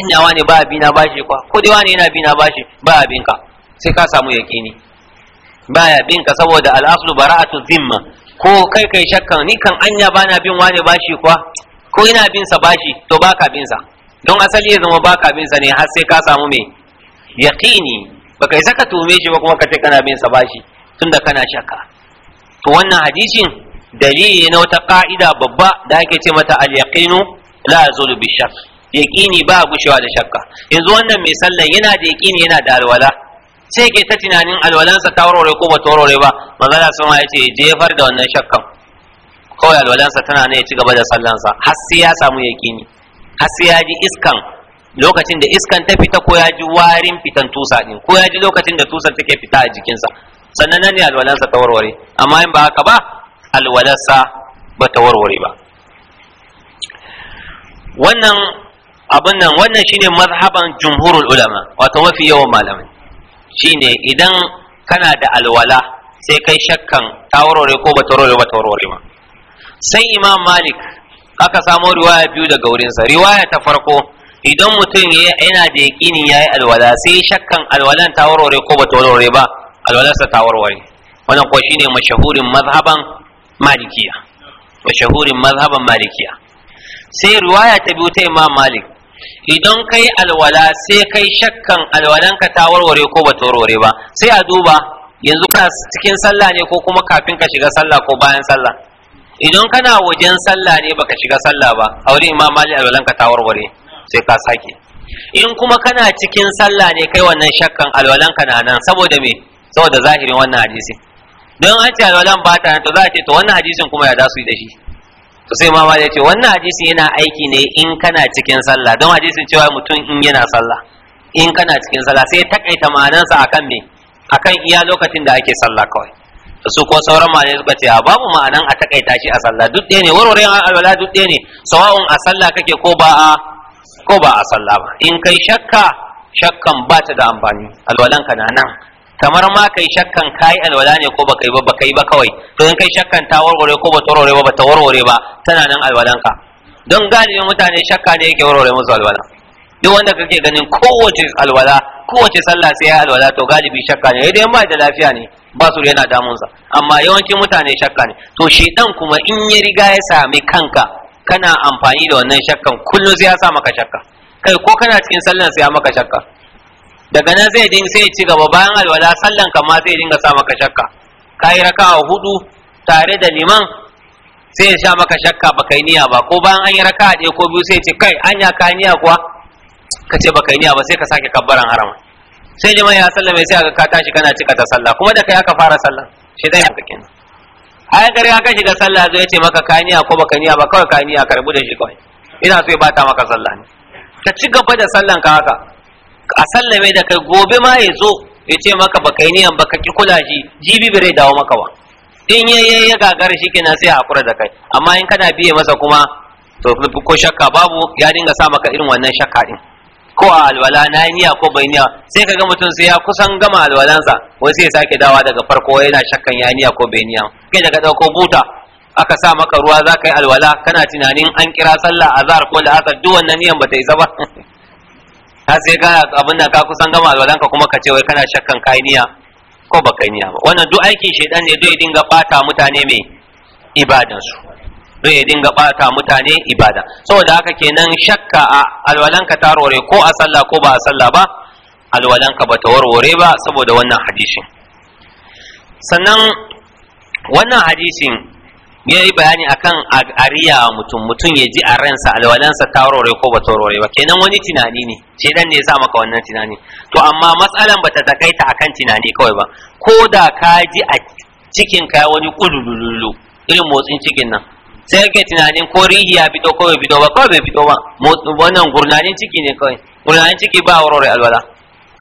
anyawa ne ba abina bashi kwa ko dai wani yana bina bashi ba abinka sai ka samu yaqini baya ka saboda al'aslu bara'atu zimma ko kai kai shakkan ni kan anya bana bin wani bashi kwa ko ina bin sa bashi to baka bin sa don asali ya zama baka bin sa ne har sai ka samu me yaqini baka isa ka tume shi ba kuma ka ce kana bin sa bashi tunda kana shakka to wannan hadisin dalili na wata ka'ida babba da ake ce mata al-yaqinu la zulu bi shakk yaqini ba gushewa da shakka yanzu wannan mai sallan yana da yaqini yana da alwala sai ke ta tunanin alwalansa ta warware ko ba ta warware ba manzala sama ya ce jefar da wannan shakkan kawai alwalansa tana ne ya ci gaba da sallansa har sai ya samu yaqini har sai ya ji iskan lokacin da iskan ta fita ko ya ji warin fitan tusa din ko ya ji lokacin da tusa take fita a jikinsa sannan nan ne alwalansa ta warware amma in ba haka ba Alwalasa ba ta warware ba wannan abin nan wannan shine mazhaban jumhurul ulama wato mafi yawan malamai shine idan kana da alwala sai kai shakkan ta warware ko ba ta warware ba ta warware ba sai imam malik aka samo riwaya biyu daga wurinsa riwaya ta farko idan mutum yana da yaƙini ya yi alwala sai shakkan alwalan ta warware ko ba ta warware ba alwalarsa ta warware wannan kuwa shine mashahurin mazhaban malikiya wa shahurin mazhaban malikiya sai riwaya ta biyu ta imam malik idan kai alwala sai kai shakkan alwalanka ta warware ko ba warware ba sai a duba yanzu kana cikin sallah ne ko kuma kafin ka shiga sallah ko bayan sallah idan kana wajen sallah ne baka shiga sallah ba a wurin imam malik alwalanka ta warware sai ka sake in kuma kana cikin sallah ne kai wannan shakkan alwalanka na nan saboda me saboda zahirin wannan hadisi don an ce bata ba ta to za a ce to wannan hadisin kuma ya za su yi da shi to sai mama ya ce wannan hadisin yana aiki ne in kana cikin sallah don hadisin cewa mutum in yana sallah in kana cikin sallah sai takaita ma'anansa akan me akan iya lokacin da ake sallah kawai to su ko sauran malamai suka ce a babu ma'anan a takaita shi a sallah duk ɗaya ne warwarin alwala duk ɗaya ne sawa'un a sallah kake ko ba a ko ba a sallah ba in kai shakka shakkan ba ta da amfani alwalanka na nan kamar ma kai shakkan kai alwala ne ko baka yi ba baka yi ba kawai to in kai shakkan ta warware ko ba ta warware ba ba ta warware ba tana nan alwalanka don galibin mutane shakka ne yake warware musu alwala duk wanda kake ganin kowace alwala kowace sallah sai ya alwala to galibi shakka ne idan ma da lafiya ne ba su yana damunsa amma yawancin mutane shakka ne to shi dan kuma in ya riga ya sami kanka kana amfani da wannan shakkan kullum sai ya sa maka shakka kai ko kana cikin sallan sai ya maka shakka daga nan zai din sai ci gaba bayan alwala sallan kan ma zai dinga sa maka shakka kai raka hudu tare da liman sai ya sha maka shakka baka niyya ba ko bayan an yi raka ɗaya ko biyu sai ce kai anya ka niyya kuwa ka ce baka niyya ba sai ka sake kabbaran haram sai jama'a ya sallame sai aka ka tashi kana cika ta sallah kuma da kai aka fara sallah shi dai haka kenan ai gari aka shiga sallah zai ce maka ka niyya ko baka niyya ba kawai ka niyya karbu da shi kawai ina so ya bata maka sallah ne ka ci gaba da sallan ka haka a sallame da kai gobe ma ya zo ya ce maka baka yi niyan baka ki kula shi jibi bai dawo maka ba in ya ya gagara shi kenan sai a hakura da kai amma in kana biye masa kuma to ko shakka babu ya dinga sa maka irin wannan shakka din ko a alwala na niyya ko bai niyya sai ga mutum sai ya kusan gama alwalansa wai sai ya sake dawa daga farko yana shakkan ya niyya ko bai niyya kai daga dauko buta aka sa maka ruwa za ka yi alwala kana tunanin an kira sallah azhar ko la'asar duk wannan ba ta isa ba har sai ka abin nan ka kusan gama alwalan ka kuma ka ce wai kana shakkan kai niya ko ba kai niya ba wannan duk aikin shaidan ne duk ya dinga bata mutane mai ibadan su duk ya dinga bata mutane ibada saboda haka kenan shakka a alwalan ka tarore ko a sallah ko ba a sallah ba alwalan ka ta warware ba saboda wannan hadisin sannan wannan hadisin ya yi bayani akan ariya mutum mutum ya ji a ransa alwalansa ta rore ko ba ta rore ba kenan wani tunani ne dan ne ya sa maka wannan tunani to amma matsalan ba ta takaita akan tunani kawai ba ko da ka ji a cikin ka wani kulululu irin motsin cikin nan sai kake tunanin ko rihi ya fito ko bai fito ba ko bai fito ba wannan gurnanin ciki ne kawai gurnanin ciki ba rore alwala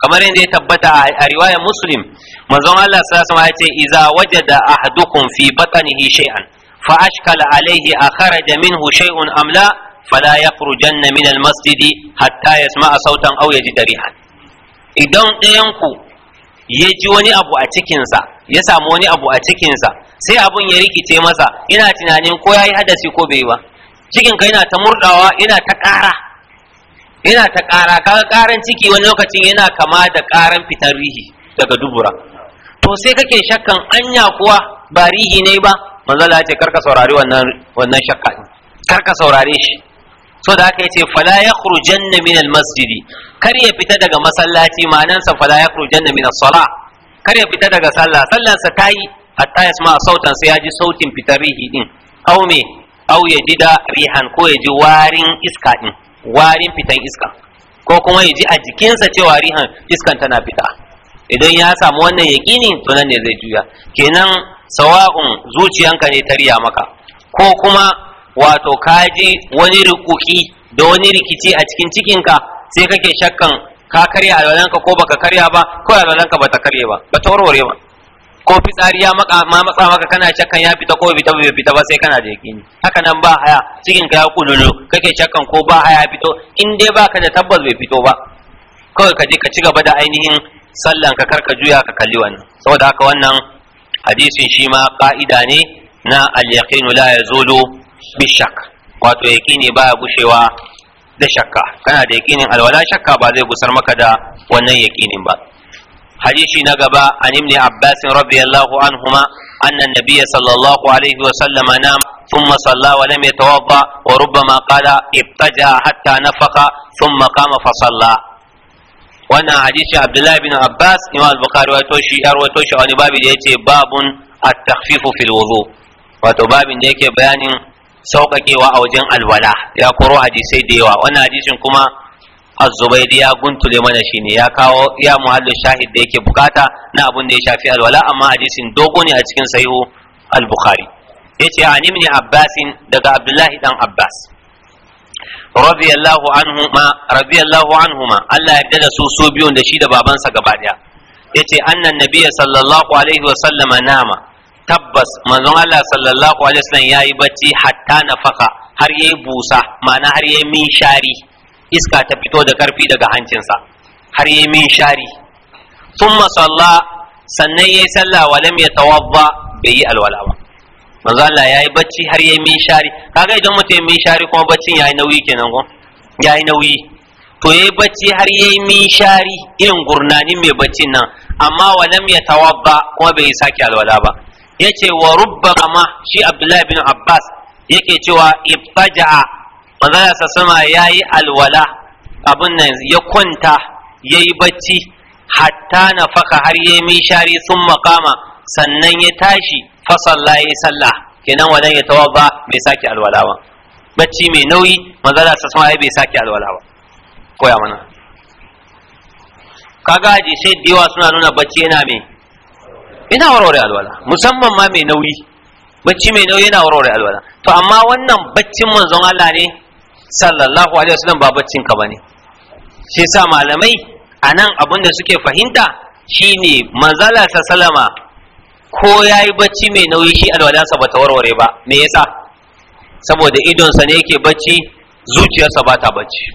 kamar yadda ya tabbata a riwayar muslim manzon Allah sallallahu alaihi wasallam ya ce iza wajada ahadukum fi batnihi shay'an fa عليه alaihi منه شيء shay'un لا la fala من min حتى يسمع hatta yasma'a sautan ريحا yajida idan ɗayanku ku ya ji wani abu a cikinsa ya samu wani abu a cikinsa sai abun ya rikice masa ina tunanin ko yayi hadasi ko bai ba cikinka yana ta murdawa yana ta ƙara ina ta ƙara kaga ƙaran ciki wani lokacin yana kama da ƙaran fitar rihi daga dubura to sai kake shakkan anya kuwa ba rihi ne ba manzo Allah ya ce karka saurari wannan wannan shakka karka saurare shi so da aka yace fala yakhrujanna min almasjid kar ya fita daga masallaci ma'anan sa fala yakhrujanna min as sala kar ya fita daga sallah sallan sa tayi hatta yasma sautan ya ji sautin fitarihi din aw me aw yajida rihan ko yaji warin iska din warin fitan iska ko kuma ya ji a jikinsa cewa rihan iskan tana fita idan ya samu wannan yaƙinin to nan ne zai juya kenan sawa'un zuciyanka ne ta riya maka ko kuma wato kaji wani rikuki da wani rikici a cikin cikinka sai kake shakkan ka karya alwalanka ko baka karya ba ko alwalanka bata karye ba bata warware ba ko fitsari ya maka ma matsa maka kana shakkan ya fita ko fita bai fita ba sai kana da yakini haka nan ba haya cikin ka ya kululu kake shakkan ko ba haya fito in dai baka da tabbas bai fito ba kawai ka je ka ci gaba da ainihin sallan ka karka juya ka kalli wannan saboda haka wannan hadisin shi ma ka'ida ne na al-yaqinu la yazulu bi wato yaqini baya gushewa da shakka kana da yaqinin alwala shakka ba zai gusar maka da wannan yaqinin ba hadisi na gaba an ibn abbas radiyallahu anhuma anna nabiy sallallahu alaihi wa sallam nam ثم صلى ولم يتوضا وربما قال hatta حتى نفخ ثم قام فصلى wannan hadisi abdullahi bin abbas imam al-bukhari wato shi yar wato shi wani babi da yace babun at-takhfifu fil wudu wato babin da yake bayanin sauƙaƙewa a wajen alwala ya koro hadisai da yawa wannan hadisin kuma az-zubaydi ya guntule mana shi ne ya kawo ya muhallu shahid da yake bukata na abun da ya shafi alwala amma hadisin dogo ne a cikin sahihu al-bukhari yace an ibn abbas daga abdullahi dan abbas radiyallahu anhuma radiyallahu anhuma Allah yarda da su su biyun da shi da babansa gaba daya yace annan nabiyya sallallahu alaihi wa sallama nama tabbas manzon Allah sallallahu alaihi wasallam yayi bacci hatta nafaka har yayi busa ma'ana har yayi shari iska ta fito da karfi daga hancinsa har yayi shari. thumma salla sannan yayi sallah wa lam yatawadda bai yi alwala ba manzo Allah yayi bacci har yayi minshari kaga idan mutum yayi minshari kuma baccin yayi nauyi kenan ko yayi nauyi to yayi bacci har yayi minshari irin gurnanin mai baccin nan amma walam ya tawabba kuma bai sake alwala ba yace wa rubbama shi Abdullahi bin Abbas yake cewa ibtaja'a manzo sama ya yayi alwala abun nan ya kwanta yayi bacci hatta nafaka har yayi minshari sun makama sannan ya tashi fa salla yi kenan wannan ya tawabba bai sake alwala ba bacci mai nauyi manzala sa sama bai sake alwala ba koya mana kaga ji sai diwa suna nuna bacci yana mai ina warware alwala musamman ma mai nauyi bacci mai nauyi yana warware alwala to amma wannan baccin manzon Allah ne sallallahu alaihi wasallam ba baccin ka bane shi sa malamai anan abin da suke fahimta shine manzala sallama ko ya yi bacci mai nauyi shi alwalansa ba ta warware ba me yasa saboda idonsa ne yake bacci zuciyarsa ba ta bacci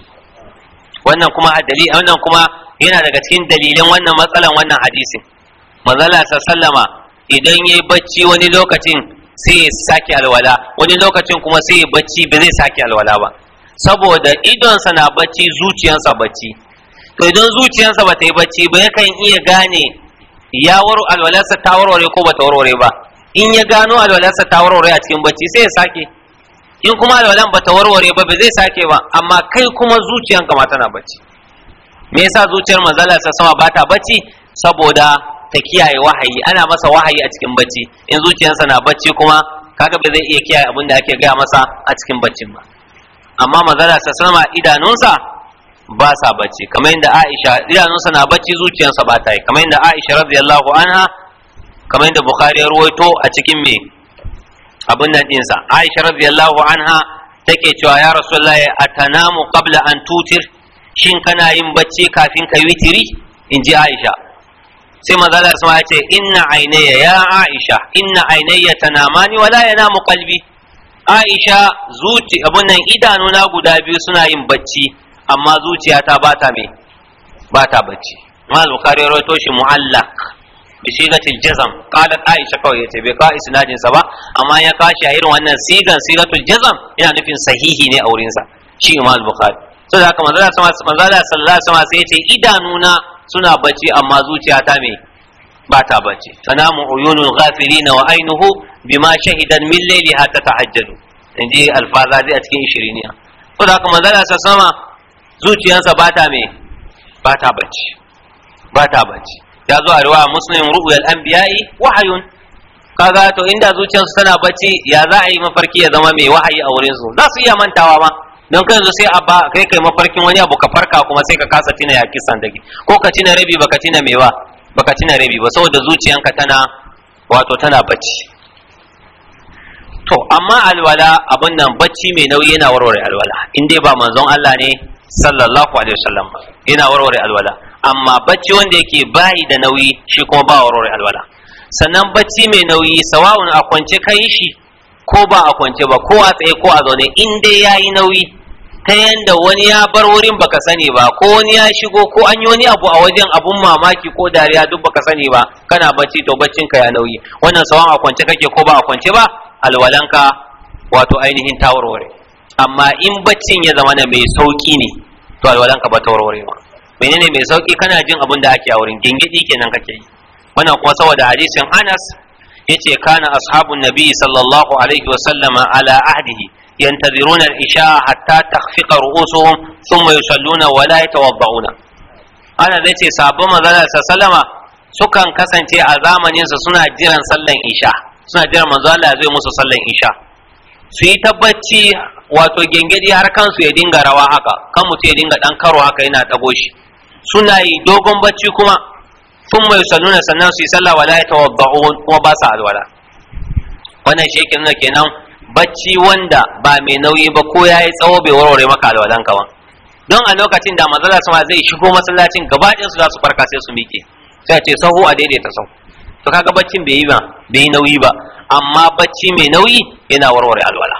wannan kuma hadali wannan kuma yana daga cikin dalilin wannan matsalan wannan hadisin mazala sa sallama idan ya yi bacci wani lokacin sai ya sake alwala wani lokacin kuma sai ya bacci ba zai sake alwala ba saboda idonsa na bacci zuciyarsa bacci to idan zuciyarsa ba ta yi bacci ba yakan iya gane ya waro alwalarsa ta warware ko bata warware ba in ya gano alwalarsa ta warware a cikin bacci sai ya sake in kuma alwalan bata warware ba ba zai sake ba amma kai kuma zuciyanka ma tana bacci me yasa zuciyar manzala sa sama bata bacci saboda ta kiyaye wahayi ana masa wahayi a cikin bacci in zuciyarsa na bacci kuma kaga ba zai iya kiyaye abin da ake gaya masa a cikin baccin ba amma manzala sa sama idanunsa ba sa bacci kamar yadda Aisha idanunsa na bacci zuciyarsa ba ta yi kamar yadda Aisha radiyallahu anha kamar yadda Bukhari ya ruwaito a cikin me abin nan dinsa Aisha radiyallahu anha take cewa ya Rasulullahi atanamu qabla an tutir shin kana yin bacci kafin ka witiri in ji Aisha sai manzalar sama ya ce inna ainaya ya Aisha inna ainaya tanamani wala yanamu qalbi Aisha zuci abun nan idanuna guda biyu suna yin bacci amma zuciyata ba ta me ba ta bacci ma bukari rawaito shi mu'allaq bi sigatil jazm qala aisha kawai yace bai kawo isnadin sa ba amma ya kashi shi a irin wannan sigan sigatul jazm yana nufin sahihi ne a wurin sa shi imam bukhari saboda haka manzo Allah sallallahu alaihi wasallam sai yace idanuna suna bacci amma zuciyata me ba ta bacci tanamu uyunul ghafilina wa ainuhu bima shahidan min layliha tatahajjadu inji alfaza dai a cikin ishiriniya saboda haka manzo Allah sallallahu alaihi wasallam zuciyarsa ba ta mai ba ta bacci ba ta bacci ya zo a riwaya muslim anbiya'i wahayun kaga to inda zuciyarsu tana bacci ya za a yi mafarki ya zama mai wahayi a wurin su za su iya mantawa ma don kai yanzu sai a ba kai kai mafarkin wani abu ka farka kuma sai ka kasa tina ya kisan dake ko ka tina rabi baka tina ba baka tina rabi ba saboda zuciyanka tana wato tana bacci to amma alwala abin nan bacci mai nauyi yana warware alwala in dai ba manzon Allah ne sallallahu alaihi wasallam ina warware alwala amma bacci wanda yake bayi da nauyi shi kuma ba warware alwala sannan bacci mai nauyi sawa'un a kwance kai shi ko ba a kwance ba ko a tsaye ko a zaune in dai yayi nauyi ta yanda wani ya bar wurin baka sani ba ko wani ya shigo ko an yi wani abu a wajen abun mamaki ko dariya duk baka sani ba kana bacci to baccin ka ya nauyi wannan sawan a kwance kake ko ba a kwance ba alwalanka wato ainihin tawarware amma in baccin ya zama mai sauki ne to alwalanka ba ta warware menene mai sauki kana jin abin da ake a wurin gingidi kenan kake yi wannan kuma saboda hadisin Anas yace kana ashabun nabi sallallahu alaihi wa ala ahdihi isha, hatta حتى تخفق رؤوسهم ثم يصلون ولا يتوضؤون ana zai ce sabon manzana sa sukan kasance a zamaninsa suna jiran sallan isha suna jiran manzo Allah zai musu sallan isha su yi tabbaci wato gengedi har kansu ya dinga rawa haka kan mutu ya dinga dan karo haka yana tabo shi suna yi dogon bacci kuma sun mai sanuna sannan su yi sallah wala ya tawadda'un kuma ba sa alwala wannan shi yake nuna kenan bacci wanda ba mai nauyi ba ko ya yi tsawo bai warware maka alwalan ba. don a lokacin da manzala sama zai shigo masallacin gaba ɗayan su za su farka sai su miƙe sai ce sahu a daidaita sahu to kaga baccin bai yi ba bai yi nauyi ba amma bacci mai nauyi yana warware alwala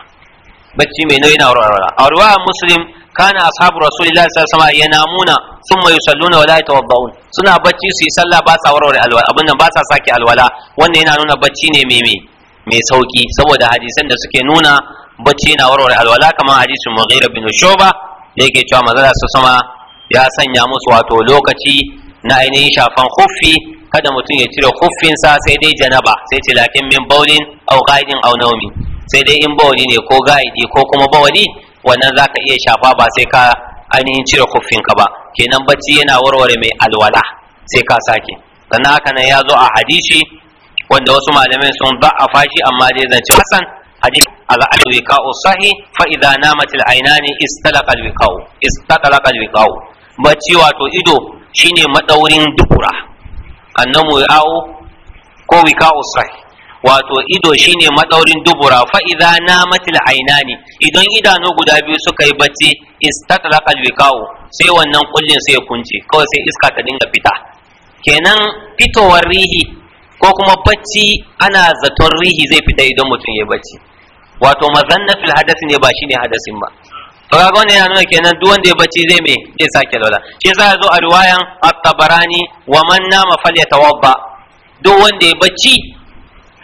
bacci mai nauyi yana warware alwala a riwayar muslim kana ashabu rasulillahi sallallahu alaihi wasallam yanamuna thumma yusalluna wa la yatawaddaun suna bacci su yi sallah ba sa warware alwala abin nan ba sa sake alwala wannan yana nuna bacci ne mai mai mai sauki saboda hadisan da suke nuna bacci yana warware alwala kamar hadisin Mughira bin Shuba da yake cewa manzala su sama ya sanya musu wato lokaci na ainihin shafan khuffi kada mutum ya cire kuffinsa sai dai janaba sai ce lakin min baulin au ghaidin au naumi sai dai in bauli ne ko gaidi ko kuma bawali wannan zaka iya shafa ba sai ka ainihin cire kuffinka ba kenan bacci yana warware mai alwala sai ka sake sannan haka nan ya zo a hadisi wanda wasu malamai sun a shi amma dai zance hasan hadis al wika'u sahi fa idza namat al aynani istalaqa al istalaqa al bacci wato ido shine madaurin dukura annamu ya'u ko wika usai wato ido shine madaurin dubura fa idza namatil ainani idan idanu guda biyu suka yi bacci istatlaqa alwiqa'u sai wannan kullin sai ya kunce kawai sai iska ta dinga fita kenan fitowar rihi ko kuma bacci ana zaton rihi zai fita idan mutum ya bacci wato fil hadasi ne ba shine hadasin ba to kaga yana nuna kenan duk wanda ya bacci zai me zai sake alwala shi yasa zo a riwayan at-tabarani wa man nama falyatawadda duk wanda ya bacci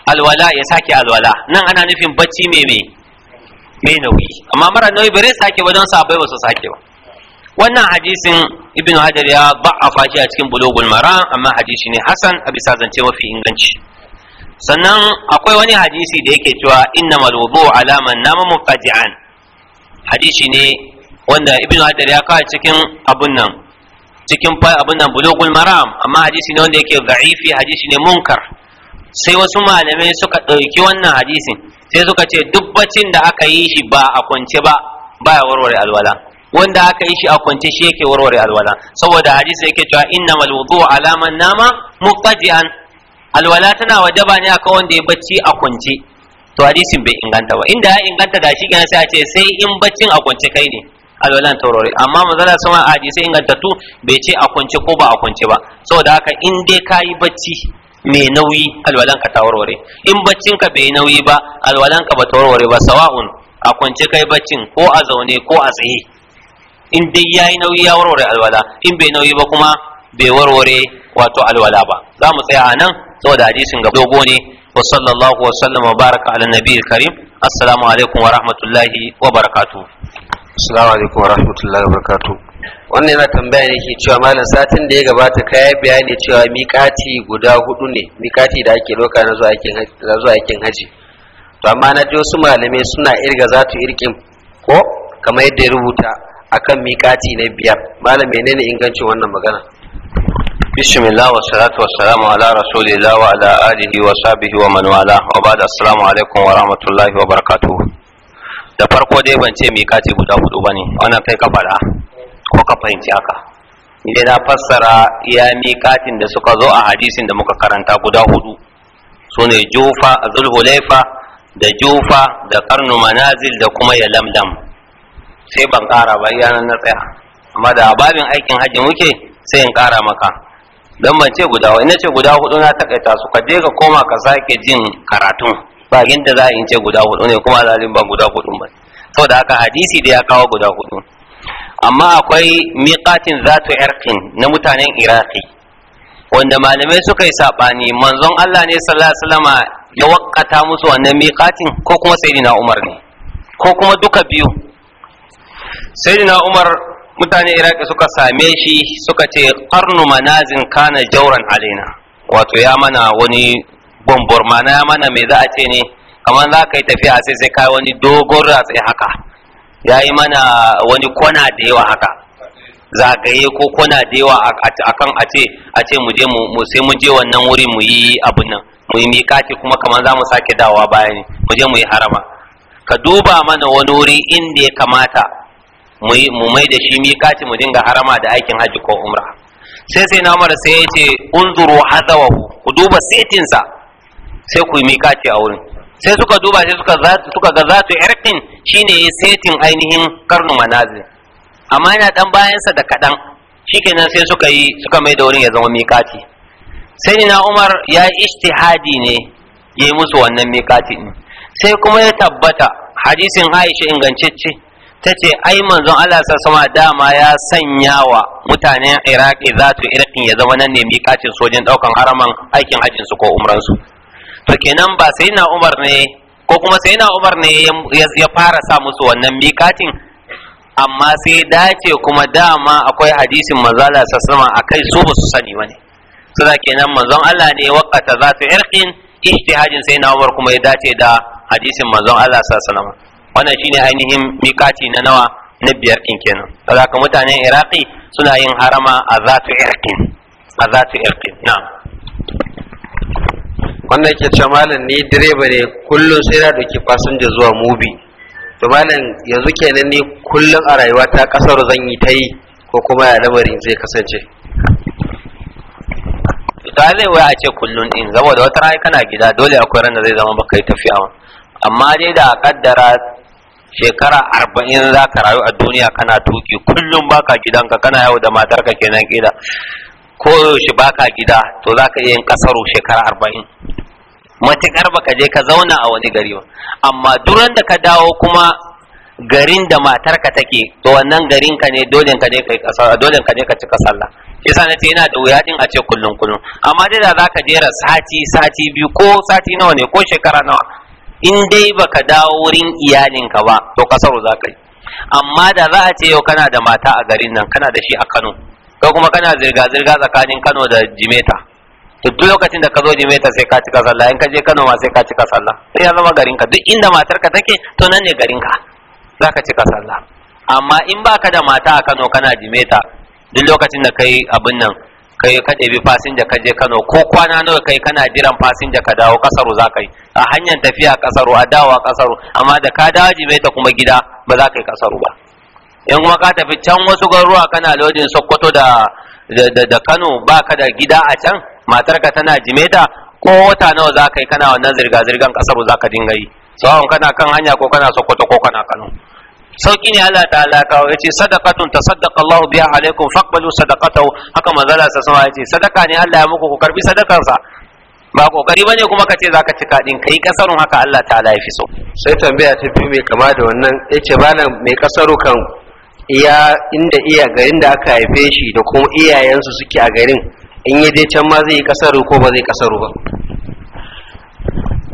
alwala ya sake alwala nan ana nufin bacci me me mai nauyi amma mara nauyi bare sake ba don sabai ba su sake ba wannan hadisin ibnu hajar ya ba'afa shi a cikin bulugul mara amma hadisi ne hasan a bisa zance mafi inganci sannan akwai wani hadisi da yake cewa innamal wudu'u ala man nama mufajji'an hadisi ne wanda ibn hadar ya kawo cikin abun nan cikin abun nan bulugul maram amma hadisi ne wanda yake za'ifi hadisi ne munkar sai wasu malamai suka ɗauki wannan hadisin sai suka ce dubbacin da aka yi shi ba a kwance ba baya warware alwala wanda aka yi shi a kwance shi yake warware alwala saboda hadisi yake cewa inna wudu alaman nama muqtadi'an alwala tana wajaba ne akan wanda ya bacci a kwance to hadisin bai inganta ba inda ya inganta da shi kenan sai a ce sai in baccin a kwance kai ne alwalan taurari amma zala sama a hadisai ingantattu bai ce a kwance ko ba a kwance ba saboda haka in dai ka yi bacci mai nauyi alwalan ka ta in baccin ka bai nauyi ba alwalan ka ba taurare ba sawa'un a kwance kai baccin ko a zaune ko a tsaye in dai yayi nauyi ya warware alwala in bai nauyi ba kuma bai warware wato alwala ba za mu tsaya a nan saboda hadisin ga dogo ne wa sallallahu wa sallama baraka ala nabiyil karim assalamu alaikum wa rahmatullahi wa barakatuh assalamu alaikum wa rahmatullahi wa barakatuh wannan yana tambaya ne ke cewa malam satin da ya gabata kaya bayani cewa miƙati guda hudu ne miƙati da ake doka na zuwa aikin haji to amma na ji wasu malamai suna irga za tu irkin ko kamar yadda ya rubuta akan miƙati na biyar malam menene ingancin wannan magana بسم الله والصلاة والسلام على رسول الله وعلى آله وصحبه ومن والاه وبعد السلام عليكم ورحمة الله وبركاته da farko dai ban ce miƙati guda hudu bane wannan kai ka faɗa ko ka fahimci haka ni dai na fassara iya miƙatin da suka zo a hadisin da muka karanta guda hudu su ne jufa zulhulaifa da jufa da karnu manazil da kuma ya lamlam sai ban ƙara ba iya na tsaya amma da babin aikin hajji muke sai in ƙara maka dan ban ce guda hudu ina ce guda hudu na takaita su ka je ka koma ka sake jin karatun ba yadda za a yi ce guda hudu ne kuma zalim ba guda hudu ba saboda haka hadisi da ya kawo guda hudu amma akwai miqatin zatu irqin na mutanen iraki wanda malamai suka yi sabani manzon Allah ne sallallahu alaihi wasallama ya wakkata musu wannan miqatin ko kuma sayyidina Umar ne ko kuma duka biyu sayyidina Umar mutane iraki suka same shi suka ce karnu manazin kana jauran alaina wato ya mana wani bombor mana ya mana me za a ce ne kamar za ka yi tafiya sai sai kai wani dogon ratsai haka ya yi mana wani kwana da yawa haka zagaye ko kwana da yawa akan a ce a ce mu je mu sai mu je wannan wuri mu yi abin nan mu yi mikaki kuma kamar za mu sake dawowa baya ne mu je mu yi harama ka duba mana wani wuri inda ya kamata mu mai da shi mikati mu dinga harama da aikin haji ko umra sai sai na mara sai ya ce unzuru hadawahu ku duba setinsa sai ku yi mikati a wurin sai suka duba sai suka ga zatu irkin shine setin ainihin karnu manazil amma yana dan bayansa da kadan shikenan sai suka yi suka mai da wurin ya zama mikati sai na umar ya ishtihadi ne yayi musu wannan mikati sai kuma ya tabbata hadisin aisha ingantacce ta ce ai manzon Allah sa sama dama ya sanya wa mutanen iraki su irkin ya zama nan ne kacin sojin daukan haraman aikin hajjin su ko umran su to kenan ba sai na umar ne ko kuma sai na umar ne ya fara sa musu wannan miƙatin amma sai dace kuma dama akwai hadisin manzala sa sama akai su ba su sani bane saboda kenan manzon Allah ne waqata su irkin ihtihajin sai na umar kuma ya dace da hadisin manzon Allah sa sallama wannan shine ainihin mikati na nawa na biyar din kenan saboda mutanen iraki suna yin harama a zatu irqin a zatu irqin na wannan ke cewa malam ni direba ne kullum sai na dauki fasinja zuwa mubi to malam yanzu kenan ni kullum a rayuwa ta kasar zan yi ta yi ko kuma ya lamarin zai kasance ta zai waya a ce kullum din saboda wata rana kana gida dole akwai ran da zai zama baka yi tafiya amma dai da kaddara shekara arba'in za ka rayu a duniya kana tuki kullum baka gidanka kana yawo da matarka kenan gida ko yaushe baka gida to za ka yin kasaro shekara arba'in matuƙar baka je ka zauna a wani gari ba amma duran da ka dawo kuma garin da matarka take to wannan garin ka ne dole ka je kai ka je cika sallah yasa na ce yana da wuya din a ce kullun kullun amma dai da zaka jera sati sati biyu ko sati nawa ne ko shekara nawa in dai baka dawo wurin iyalinka ba to kasaro za ka yi amma da za a ce yau kana da mata a garin nan kana da shi a kano ko kuma kana zirga-zirga tsakanin kano da jimeta to duk lokacin da ka zo jimeta sai ka cika sallah in ka je kano ma sai ka cika sallah sai ya zama garin ka, duk inda matarka take to nan ne garin ka, za ka cika sallah amma in baka da mata a kano kana jimeta duk lokacin da kai abin nan kai ka ɗebi fasinja ka je Kano ko kwana nawa kai kana jiran fasinja ka dawo kasaru za ka yi a hanyar tafiya kasaru a dawowa kasaru amma da ka dawo ta kuma gida ba za ka yi kasaru ba in kuma ka tafi can wasu garuruwa kana lodin Sokoto da da Kano ba ka da gida a can matarka tana jimeta ko wata nawa za ka yi kana wannan zirga-zirgan kasaru za ka dinga yi sawa'un kana kan hanya ko kana Sokoto ko kana Kano sauki ne Allah ta alaka ya ce sadaqatun tasaddaqa Allah biha alaikum faqbalu sadaqatahu haka manzala sa sama ya ce sadaka ne Allah ya muku ku karbi sadakar sa ba kokari bane kuma ka ce zaka cika din kai kasarun haka Allah ta ya fi so sai tambaya ta fi mai kama da wannan yace bana mai kasaru kan iya inda iya garin da aka haife shi da kuma iyayensu suke a garin in yi dai can ma zai yi kasaru ko ba zai kasaru ba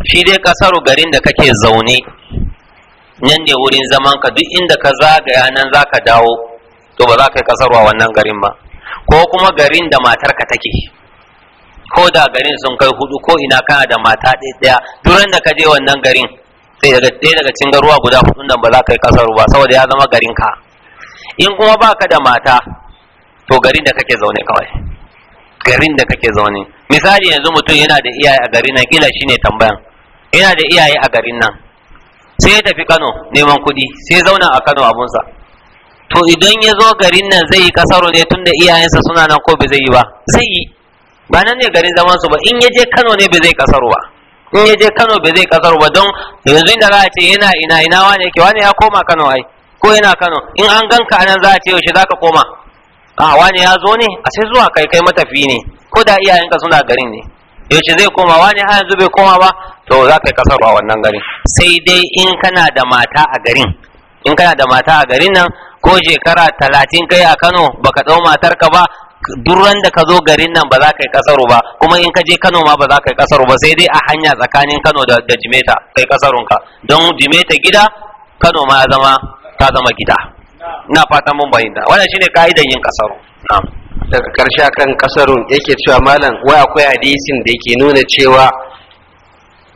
shi dai kasaru garin da kake zaune nan ne wurin zaman ka duk inda ka zagaya nan za ka dawo to ba za ka yi kasarwa wannan garin ba ko kuma garin da matar ka take ko da garin sun kai hudu ko ina kana da mata ɗaya ɗaya duran da ka je wannan garin sai daga ɗaya daga cikin garuwa guda hudu nan ba za ka yi kasarwa ba saboda ya zama garin ka in kuma baka da mata to garin da kake zaune kawai garin da kake zaune misali yanzu mutum yana da iyaye a garin nan kila shine tambayan yana da iyaye a garin nan sai ya tafi Kano neman kuɗi sai zauna a Kano abunsa to idan ya zo garin nan zai yi kasaro ne tunda iyayensa suna nan ko bai zai yi ba zai yi ba nan ne garin zaman su ba in ya je Kano ne bai zai kasaro ba in ya je Kano bai zai kasaro ba don yanzu inda za a ce yana ina ina wane yake wane ya koma Kano ai ko yana Kano in an ganka anan za a ce yaushe zaka koma a wane ya zo ne a sai zuwa kai kai matafi ne ko da iyayenka suna garin ne yaushe zai koma wani har yanzu bai koma ba to za ka yi kasar a wannan gari sai dai in kana da mata a garin in kana da mata a garin nan ko shekara talatin kai a kano baka ɗau ka ba duran da ka zo garin nan ba za ka yi kasaro ba kuma in ka je kano ma ba za ka yi kasaro ba sai dai a hanya tsakanin kano da, da jimeta kai ka don jimeta gida kano ma zama ta zama gida na fatan mun bayyana wannan shine ka'idan yin kasaro daga karshe kan kasarun yake cewa malam wai akwai hadisin da yake nuna cewa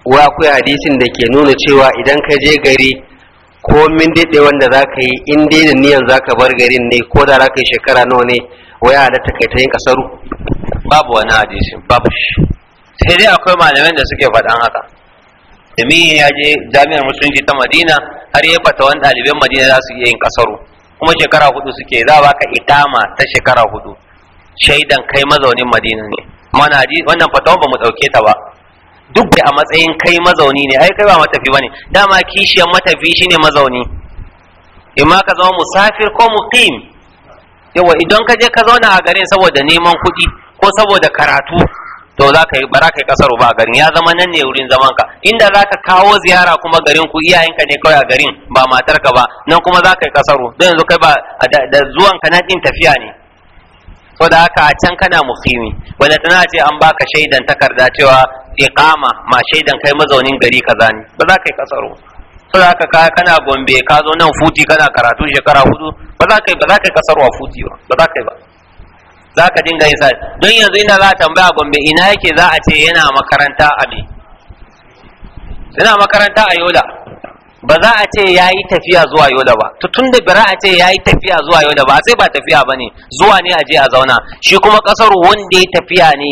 wa akwai hadisin da ke nuna cewa idan ka je gari ko min daɗe wanda za ka yi in daina niyan za ka bar garin ne ko da za ka yi shekara nawa ne waya halatta kai ta yin kasaru babu wani hadisin babu shi sai dai akwai malamai da suke faɗan haka domin ya je jami'ar musulunci ta madina har ya fata wani ɗaliban madina za su iya yin kasaru kuma shekara hudu suke za ba ka ikama ta shekara hudu shaidan kai mazaunin madina ne wannan fatawan ba mu ɗauke ta ba duk da a matsayin kai mazauni ne ai kai ba matafi bane dama kishiyar matafi shine mazauni imma ka zama musafir ko muqim yawa idan ka je ka zauna a garin saboda neman kuɗi ko saboda karatu to za ka yi bara ka yi kasar ba garin ya zama nan ne wurin zaman ka inda za ka kawo ziyara kuma garin ku iyayenka ne kawai a garin ba matarka ba nan kuma za ka yi kasar don yanzu kai ba da zuwan ka din tafiya ne ko da haka a can kana mukimi wanda tana ce an baka shaidan takarda cewa iqama ma shaidan kai mazaunin gari kaza ne ba za ka yi kasaro ko da haka kana gombe ka zo nan futi kana karatu shekara hudu ba za ka yi ba za ka yi kasaro a futi ba ba za ka yi ba za ka dinga yin sai don yanzu ina za a tambaya gombe ina yake za a ce yana makaranta a me yana makaranta a yola ba za a ce ya yi tafiya zuwa yola ba to tun da bira a ce ya yi tafiya zuwa yola ba sai ba tafiya ba ne zuwa ne a je a zauna shi kuma ƙasar wanda ya tafiya ne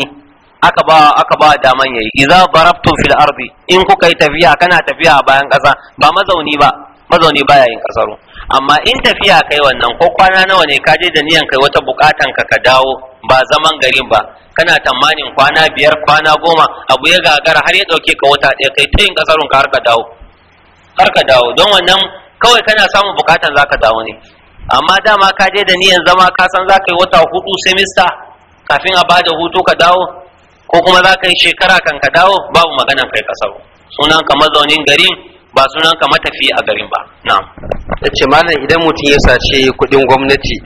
aka ba aka ba daman yayi idza barabtum fil ardi in kuka yi tafiya kana tafiya a bayan ƙasa ba mazauni ba mazauni ba yin ƙasaro amma in tafiya kai wannan ko kwana nawa ne ka je da niyan kai wata bukatan ka ka dawo ba zaman garin ba kana tamanin kwana biyar kwana goma abu ya gagara har ya ɗauke ka wata ɗaya kai ta yin ƙasarun ka har ka dawo kar ka dawo don wannan kawai kana samun bukatan zaka dawo ne amma dama ka je da niyan zama ka san zaka yi wata hudu semester kafin a bada hutu ka dawo ko kuma zaka yi shekara kan ka dawo babu magana kai sabo sunan ka mazaunin garin ba sunan ka matafi a garin ba na'am yace malam idan mutum ya sace kudin gwamnati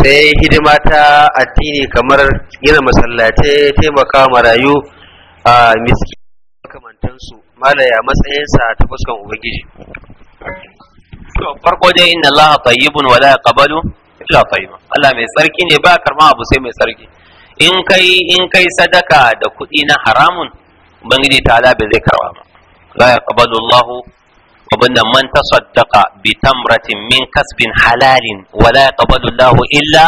sai hidima ta addini kamar gina masallatai taimaka marayu a miski makamantansu malaya matsayinsa ta fuskan ubangiji farko dai inna Allah tayyibun wa la yaqbalu illa tayyiban Allah mai tsarki ne ba karma abu sai mai tsarki in kai in kai sadaka da kuɗi na haramun ubangiji ta ala bai zai karba ba la yaqbalu Allah abinda man tasaddaqa bi tamratin min kasbin halalin wa la yaqbalu Allah illa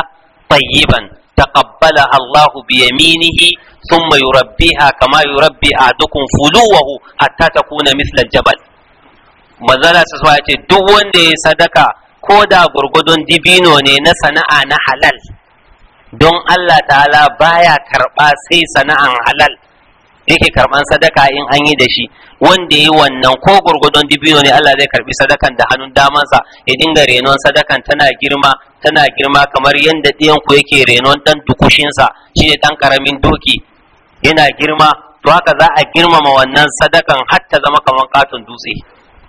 tayyiban taqabbalaha Allah bi yaminihi ثم يربيها كما يربي ahadukum fuluwahu حتى تكون مثل jabal manzala su ya ce duk wanda ya sadaka ko da gurgudun dibino ne na sana'a na halal don Allah ta'ala baya karba sai halal yake karban sadaka in an yi da shi wanda yi wannan ko gurgudun dibino ne Allah zai karbi sadakan da hannun damansa ya dinga renon sadakan tana girma tana girma kamar yadda ɗiyan ku yake renon dan dukushinsa shi ne dan karamin doki yana girma to haka za a girmama wannan sadakan hatta zama kaman katon dutse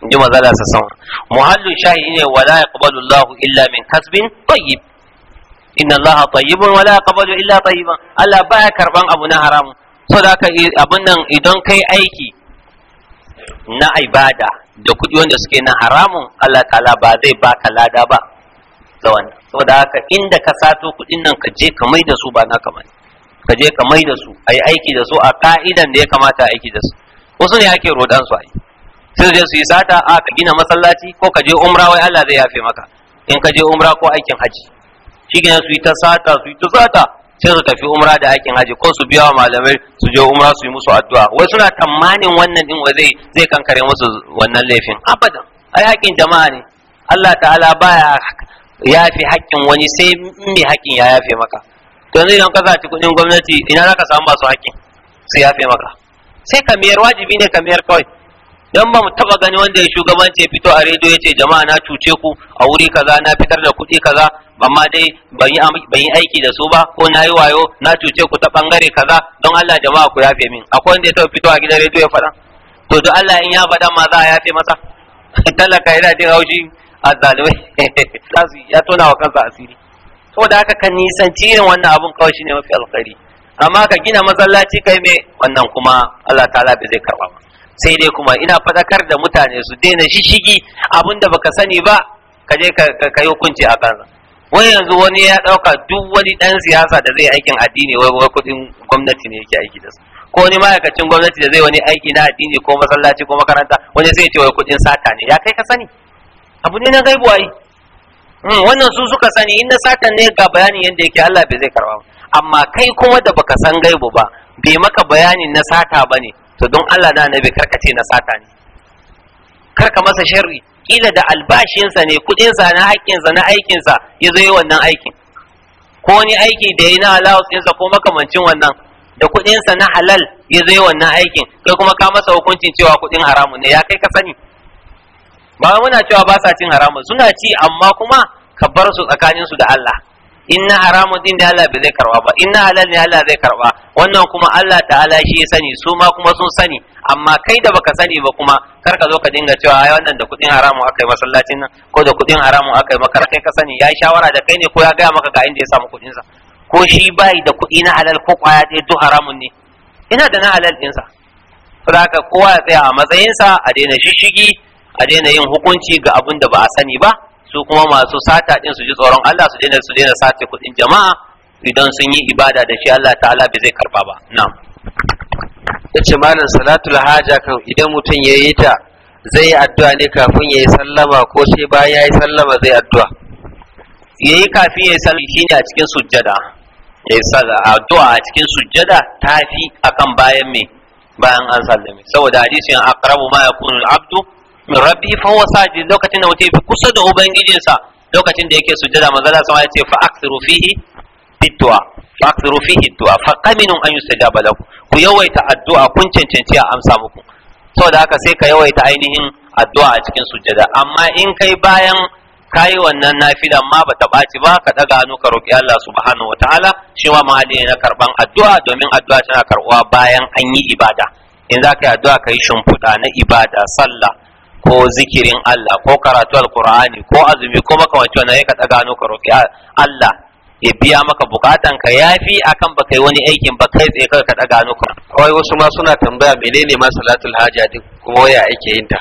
in ji mazala sa san muhallu shahi ne wala yaqbalu Allahu illa min kasbin tayyib inna Allaha tayyibun wala yaqbalu illa tayyiban Allah baya karban abu na haramu da haka abun nan idan kai aiki na ibada da kuɗi wanda suke na haramun Allah ta'ala ba zai baka lada ba da wannan saboda haka inda ka sato kuɗin nan ka je ka mai da su ba na bane ka je ka mai da su a yi aiki da su a ka'idan da ya kamata a aiki da su wasu ne ake roɗan su a yi sai su yi sata a ka gina masallaci ko ka je umra wai Allah zai yafe maka in ka je umra ko aikin haji shi su yi ta sata su yi ta sata sai su tafi umra da aikin haji ko su biya wa malamai su je umra su yi musu addu'a wai suna tamanin wannan din wa zai zai kankare musu wannan laifin abadan ai haƙƙin jama'a ne Allah ta'ala baya yafe haƙƙin wani sai mai haƙƙin ya yafe maka to yanzu idan ka zaci kudin gwamnati ina za ka samu masu sai su yafe maka sai ka miyar wajibi ne ka miyar kawai don ba mu taɓa gani wanda ya shugabanci ya fito a rediyo ya ce jama'a na cuce ku a wuri kaza na fitar da kuɗi kaza amma dai ban yi aiki da su ba ko na yi wayo na cuce ku ta ɓangare kaza don Allah jama'a ku yafe min akwai wanda ya taɓa fito a gidan rediyo ya faɗa to don Allah in ya faɗa ma za a yafe masa talaka yana jin haushi a ya tona wa kansa asiri saboda haka ka nisanci irin wannan abun kawai shine mafi alkhairi amma ka gina masallaci kai mai wannan kuma Allah ta'ala bai zai karba ba sai dai kuma ina fadakar da mutane su daina shishigi abinda baka sani ba ka je ka yi hukunci a kansa wani yanzu wani ya dauka duk wani dan siyasa da zai aikin addini wai kudin gwamnati ne yake aiki da su ko wani ma'aikacin gwamnati da zai wani aiki na addini ko masallaci ko makaranta wani zai ce wai kudin sata ne ya kai ka sani abu ne na gaibuwa yi Hmm, wannan su suka sani in na satan ne ga bayanin yadda yake Allah bai zai karba amma kai kuma da baka san gaibu ba bai maka bayanin na sata ba ne. to don Allah na annabi karkace na sata ne karka masa sharri kila da albashinsa ne kudinsa na haƙƙinsa na aikinsa ya zo yi wannan aikin ko wani aiki da ya yi na allowance ko makamancin wannan da kudinsa na halal ya zo yi wannan aikin kai kuma ka masa hukuncin cewa kudin haramun ne ya kai ka sani ba muna cewa ba sa cin haramun suna ci amma kuma ka bar su tsakaninsu da Allah inna haramun din da Allah bai zai karba ba In na halal ne Allah zai karba wannan kuma Allah ta'ala shi ya sani su ma kuma sun sani amma kai da baka sani ba kuma kar ka zo ka dinga cewa ai wannan da kudin haramun aka yi masallacin nan ko da kudin haramun aka yi makar kai ka sani ya shawara da kai ne ko ya gaya maka ga inda ya samu kudin sa ko shi bai da kudi na halal ko kwaya ɗaya duk haramun ne ina da na halal sa saboda haka kowa ya tsaya a matsayinsa a daina shishigi a daina yin hukunci ga abin da ba a sani ba su kuma masu sata din su ji tsoron Allah su daina su daina sace kuɗin jama'a idan sun yi ibada da shi Allah ta'ala bai zai karba ba na'am yace malam salatul haja kan idan mutum yayi ta zai yi addu'a ne kafin yayi sallama ko sai bayan yayi sallama zai addu'a yayi kafin yayi sallama shine a cikin sujjada yayi sallah addu'a a cikin sujjada tafi akan bayan me bayan an sallame saboda hadisin aqrabu ma yakunu al-abdu min rabbi fa huwa sajid lokacin da mutum kusa da ubangijinsa lokacin da yake sujjada manzo Allah sama ya ce fa akthiru fihi bid'a fa akthiru fihi du'a fa qaminu an yustajaba lakum ku yawaita addu'a kun cancanci a amsa muku saboda haka sai ka yawaita ainihin addu'a a cikin sujjada amma in kai bayan kayi wannan nafilan ma bata baci ba ka ɗaga hannu ka roƙi Allah subhanahu wataala shi ma mahali ne na karban addu'a domin addu'a tana karɓuwa bayan an yi ibada in za ka yi addu'a ka yi shimfiɗa na ibada sallah ko zikirin Allah ko karatu alkur'ani ko azumi ko makamancin wannan ka daga hannu ka roki Allah ya biya maka bukatan ka yafi akan baka yi wani aikin ba kai tsaye ka daga hannu ka kawai wasu ma suna tambaya menene ma salatul haja din kuma waya ake yin ta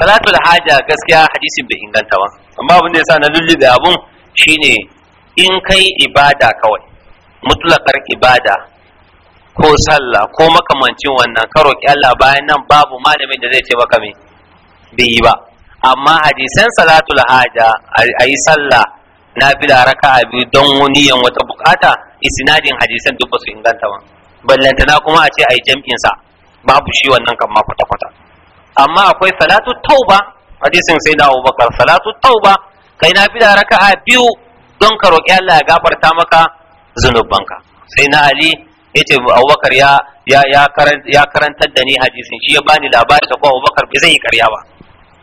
salatul haja gaskiya hadisin bai inganta ba amma abin da yasa na lullube abun shine in kai ibada kawai mutlaqar ibada ko sallah ko makamancin wannan ka roki Allah bayan nan babu malamin da zai ce maka me bai yi ba amma hadisan salatul haja a yi sallah na bila raka a biyu don wani yan wata bukata isnadin hadisan duk basu su inganta ba na kuma a ce a yi jam'in sa babu shi wannan kan ma kwata kwata amma akwai salatu tauba hadisin sai da abubakar salatu tauba kai na bila raka a biyu don ka roƙi Allah ya gafarta maka zunubanka sai na ali yace Abubakar ya karantar da ni hadisin shi ya bani labari ta ko Abubakar bai zai yi karya ba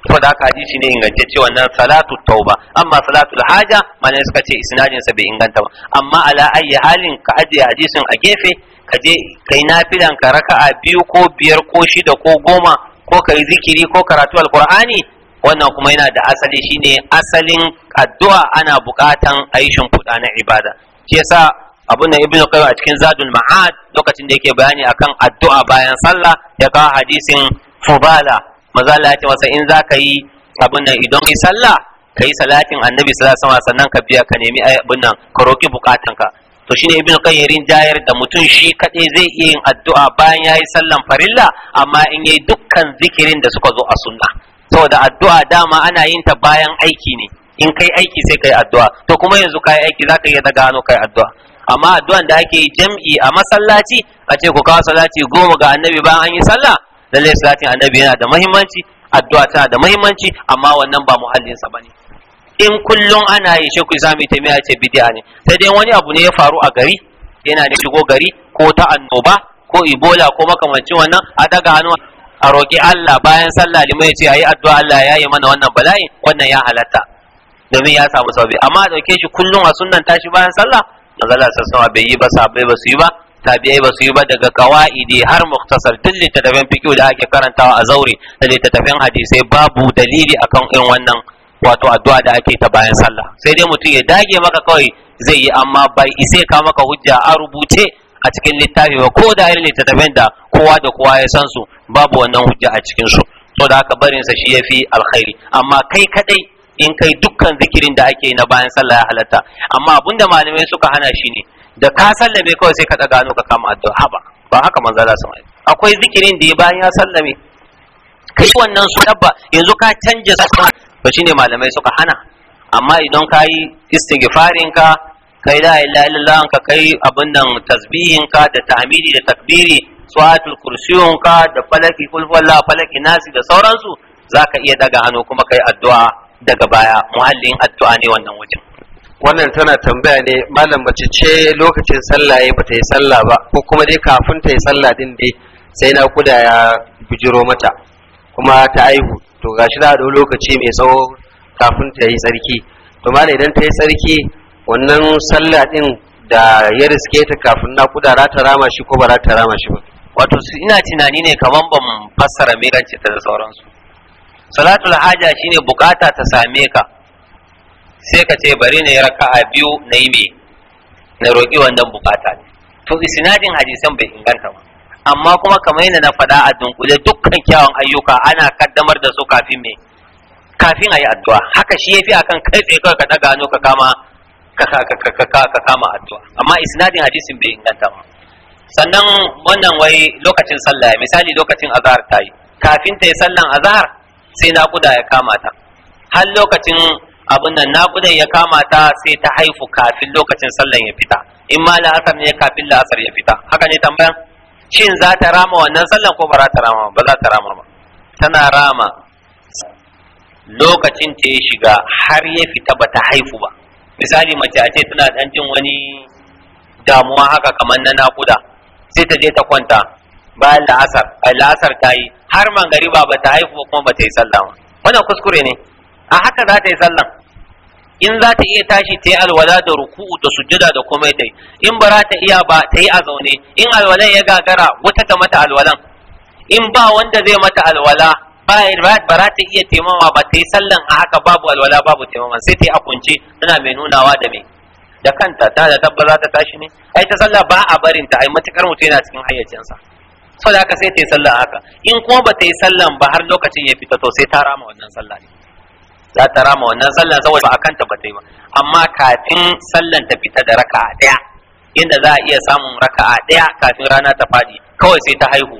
saboda haka hadisi ne ingantacce wannan salatu tauba amma salatul haja malai suka ce isnadin sa bai inganta ba amma ala ayi halin ka ajiye hadisin a gefe ka je kai nafilan ka raka'a biyu ko biyar ko shida ko goma ko kai zikiri ko karatu alqur'ani wannan kuma yana da asali shine asalin addu'a ana bukatan aishin shimfiɗa na ibada shi yasa abun da ibnu qayyim a cikin zadul ma'ad lokacin da yake bayani akan addu'a bayan sallah ya kawo hadisin fubala maza Allah ya ce masa in za ka yi abin nan idan yi sallah ka yi salatin annabi sallallahu alaihi wasallam sannan ka biya ka nemi abin nan ka roki bukatanka to shine ibnu qayyirin jayar da mutum shi kadai zai iya yin addu'a bayan yayi sallan farilla amma in yayi dukkan zikirin da suka zo a sunna saboda addu'a dama ana yin ta bayan aiki ne in kai aiki sai kai addu'a to kuma yanzu kai aiki zaka iya daga hannu kai addu'a amma addu'an da ake yi jam'i a masallaci a ce ku kawo salati goma ga annabi bayan an yi sallah Lallai salatin annabi yana da muhimmanci addu'a tana da muhimmanci amma wannan ba muhallin sa bane in kullum ana yi shi ku ta mai ce bid'a ne sai dai wani abu ne ya faru a gari yana da shigo gari ko ta annoba ko ibola ko makamancin wannan a daga hannu a roƙi Allah bayan sallah limai ce ayi addu'a Allah ya yi mana wannan bala'i wannan ya halatta domin ya samu sauƙi. amma a dauke shi kullum a sunnan tashi bayan sallah manzo Allah sallallahu yi ba sabai ba su yi ba tabi'ai ba su yi ba daga kawaidi har muktasar duk littattafan fiqh da ake karantawa a zaure da littattafan hadisai babu dalili akan in wannan wato addu'a da ake ta bayan sallah sai dai mutum ya dage maka kawai zai yi amma bai isai ka maka hujja a rubuce a cikin littafi ba ko da irin littattafan da kowa da kowa ya san su babu wannan hujja a cikin su to da haka barin sa shi yafi alkhairi amma kai kadai in kai dukkan zikirin da ake na bayan sallah ya halatta amma abinda malamai suka hana shi ne da ka sallame kawai sai ka ɗaga hannu ka kama addu'a haba ba haka manzo Allah sama akwai zikirin da ya bayan ya sallame kai wannan su dabba yanzu ka canja sassa ba shine malamai suka hana amma idan ka yi istighfarin ka kai la ilaha illallah ka kai abin nan tasbihin ka da tahmidi da takbiri suwatul kursiyun ka da falaki kulfalla falaki nasi da sauransu zaka iya daga hannu kuma kai addu'a daga baya muhallin addu'a ne wannan wajen wannan tana tambaya ne malam mace ce lokacin sallah ya bata yi sallah ba ko kuma dai kafin ta yi sallah din dai sai na kuda ya bijiro mata kuma ta aihu to gashi da dau lokaci mai tsawo kafin ta yi tsarki to malam idan ta yi tsarki wannan sallah din da ya riske ta kafin na kuda za ta rama shi ko ba za ta rama shi ba wato ina tunani ne kaman ban fassara miranci ta da sauransu salatul haja shine bukata ta same ka sai ka ce bari na yi raka'a biyu na yi me na roƙi wannan bukata to isinadin hadisan bai inganta ba amma kuma kamar yadda na faɗa a dunkule dukkan kyawun ayyuka ana kaddamar da su kafin me kafin a yi addu'a haka shi ya fi a kan kai tsaye kawai ka daga hannu ka kama ka kama addu'a amma isnadin hadisin bai inganta ba sannan wannan wai lokacin sallah misali lokacin azhar ta yi kafin ta yi sallan azahar sai naƙuda ya kama ta har lokacin abin nan naƙudan ya kama ta sai ta haifu kafin lokacin sallan ya fita in ma la'asar ne kafin la'asar ya fita haka ne tambayan shin za ta rama wannan sallan ko ba za ta rama ba za ta rama ba tana rama lokacin ta ya shiga har ya fita ba ta haifu ba misali mace a ce tana ɗan jin wani damuwa haka kamar na naƙuda sai ta je ta kwanta bayan la'asar la'asar ta yi har mangariba ba ta haifu ba, kuma ba ta yi sallah wannan kuskure ne a haka za ta yi sallan in za ta iya tashi ta yi alwala da ruku'u da sujjada da komai ta yi in ba za ta iya ba ta yi a zaune in alwalan ya gagara wata ta mata alwalan in ba wanda zai mata alwala ba ba za ta iya taimama ba ta yi sallan a haka babu alwala babu taimama sai ta yi a kunce tana mai nunawa da mai da kanta ta da tabba za ta tashi ne ai ta sallah ba a barin ta ai matukar mutum yana cikin hayyacinsa saboda haka sai ta yi sallah haka in kuma ba ta yi sallan ba har lokacin ya fita to sai ta rama wannan sallah ne za ta rama wannan sallan saboda ba a kanta ba ta yi ba amma kafin sallan ta fita da a ɗaya inda za a iya samun a ɗaya kafin rana ta faɗi kawai sai ta haihu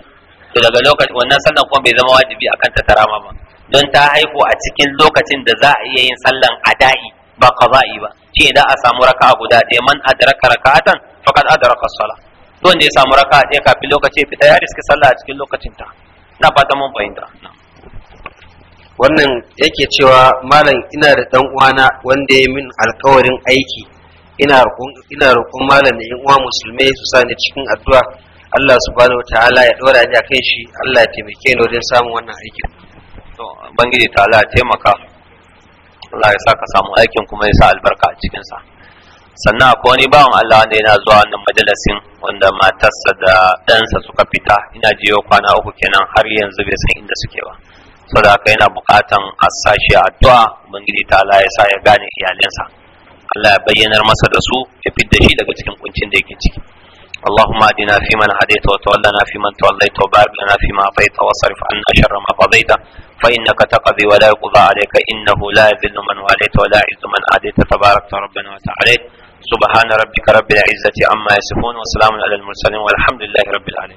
to daga lokacin wannan sallan kuma bai zama wajibi a kanta ta rama ba don ta haihu a cikin lokacin da za a iya yin sallan ada'i ba qaza'i ba shi idan a samu raka'a guda ɗaya man adraka raka'atan faqad adraka as-sala don da ya samu a ɗaya kafin lokaci fita ya riski sallah a cikin lokacin ta na fata mun fahimta wannan yake cewa malam ina da dan uwana wanda ya min alkawarin aiki ina roƙon ina roƙon malam da yan uwa musulmai su sani cikin addu'a Allah subhanahu wataala ya dora ni akan shi Allah ya taimake ni wajen samun wannan aikin to bangiji ta Allah ya taimaka Allah ya saka samu aikin kuma ya sa albarka a cikin sa sannan akwai wani bawan Allah wanda yana zuwa wannan majalisin wanda matarsa da ɗansa suka fita ina jiyo kwana uku kenan har yanzu bai san inda suke ba saboda haka yana bukatan a sashi addu'a ubangiji ta Allah ya sa ya gane iyalinsa Allah ya bayyanar masa da su ya fidda shi daga cikin kuncin da yake ciki اللهم اهدنا فيمن هديت وتولنا فيمن توليت وبارك لنا فيما اعطيت واصرف عنا شر ما قضيت فانك تقضي ولا يقضى عليك انه لا يذل من واليت ولا يعز من عاديت تبارك ربنا وتعاليت سبحان ربك رب العزه عما يصفون وسلام على المرسلين والحمد لله رب العالمين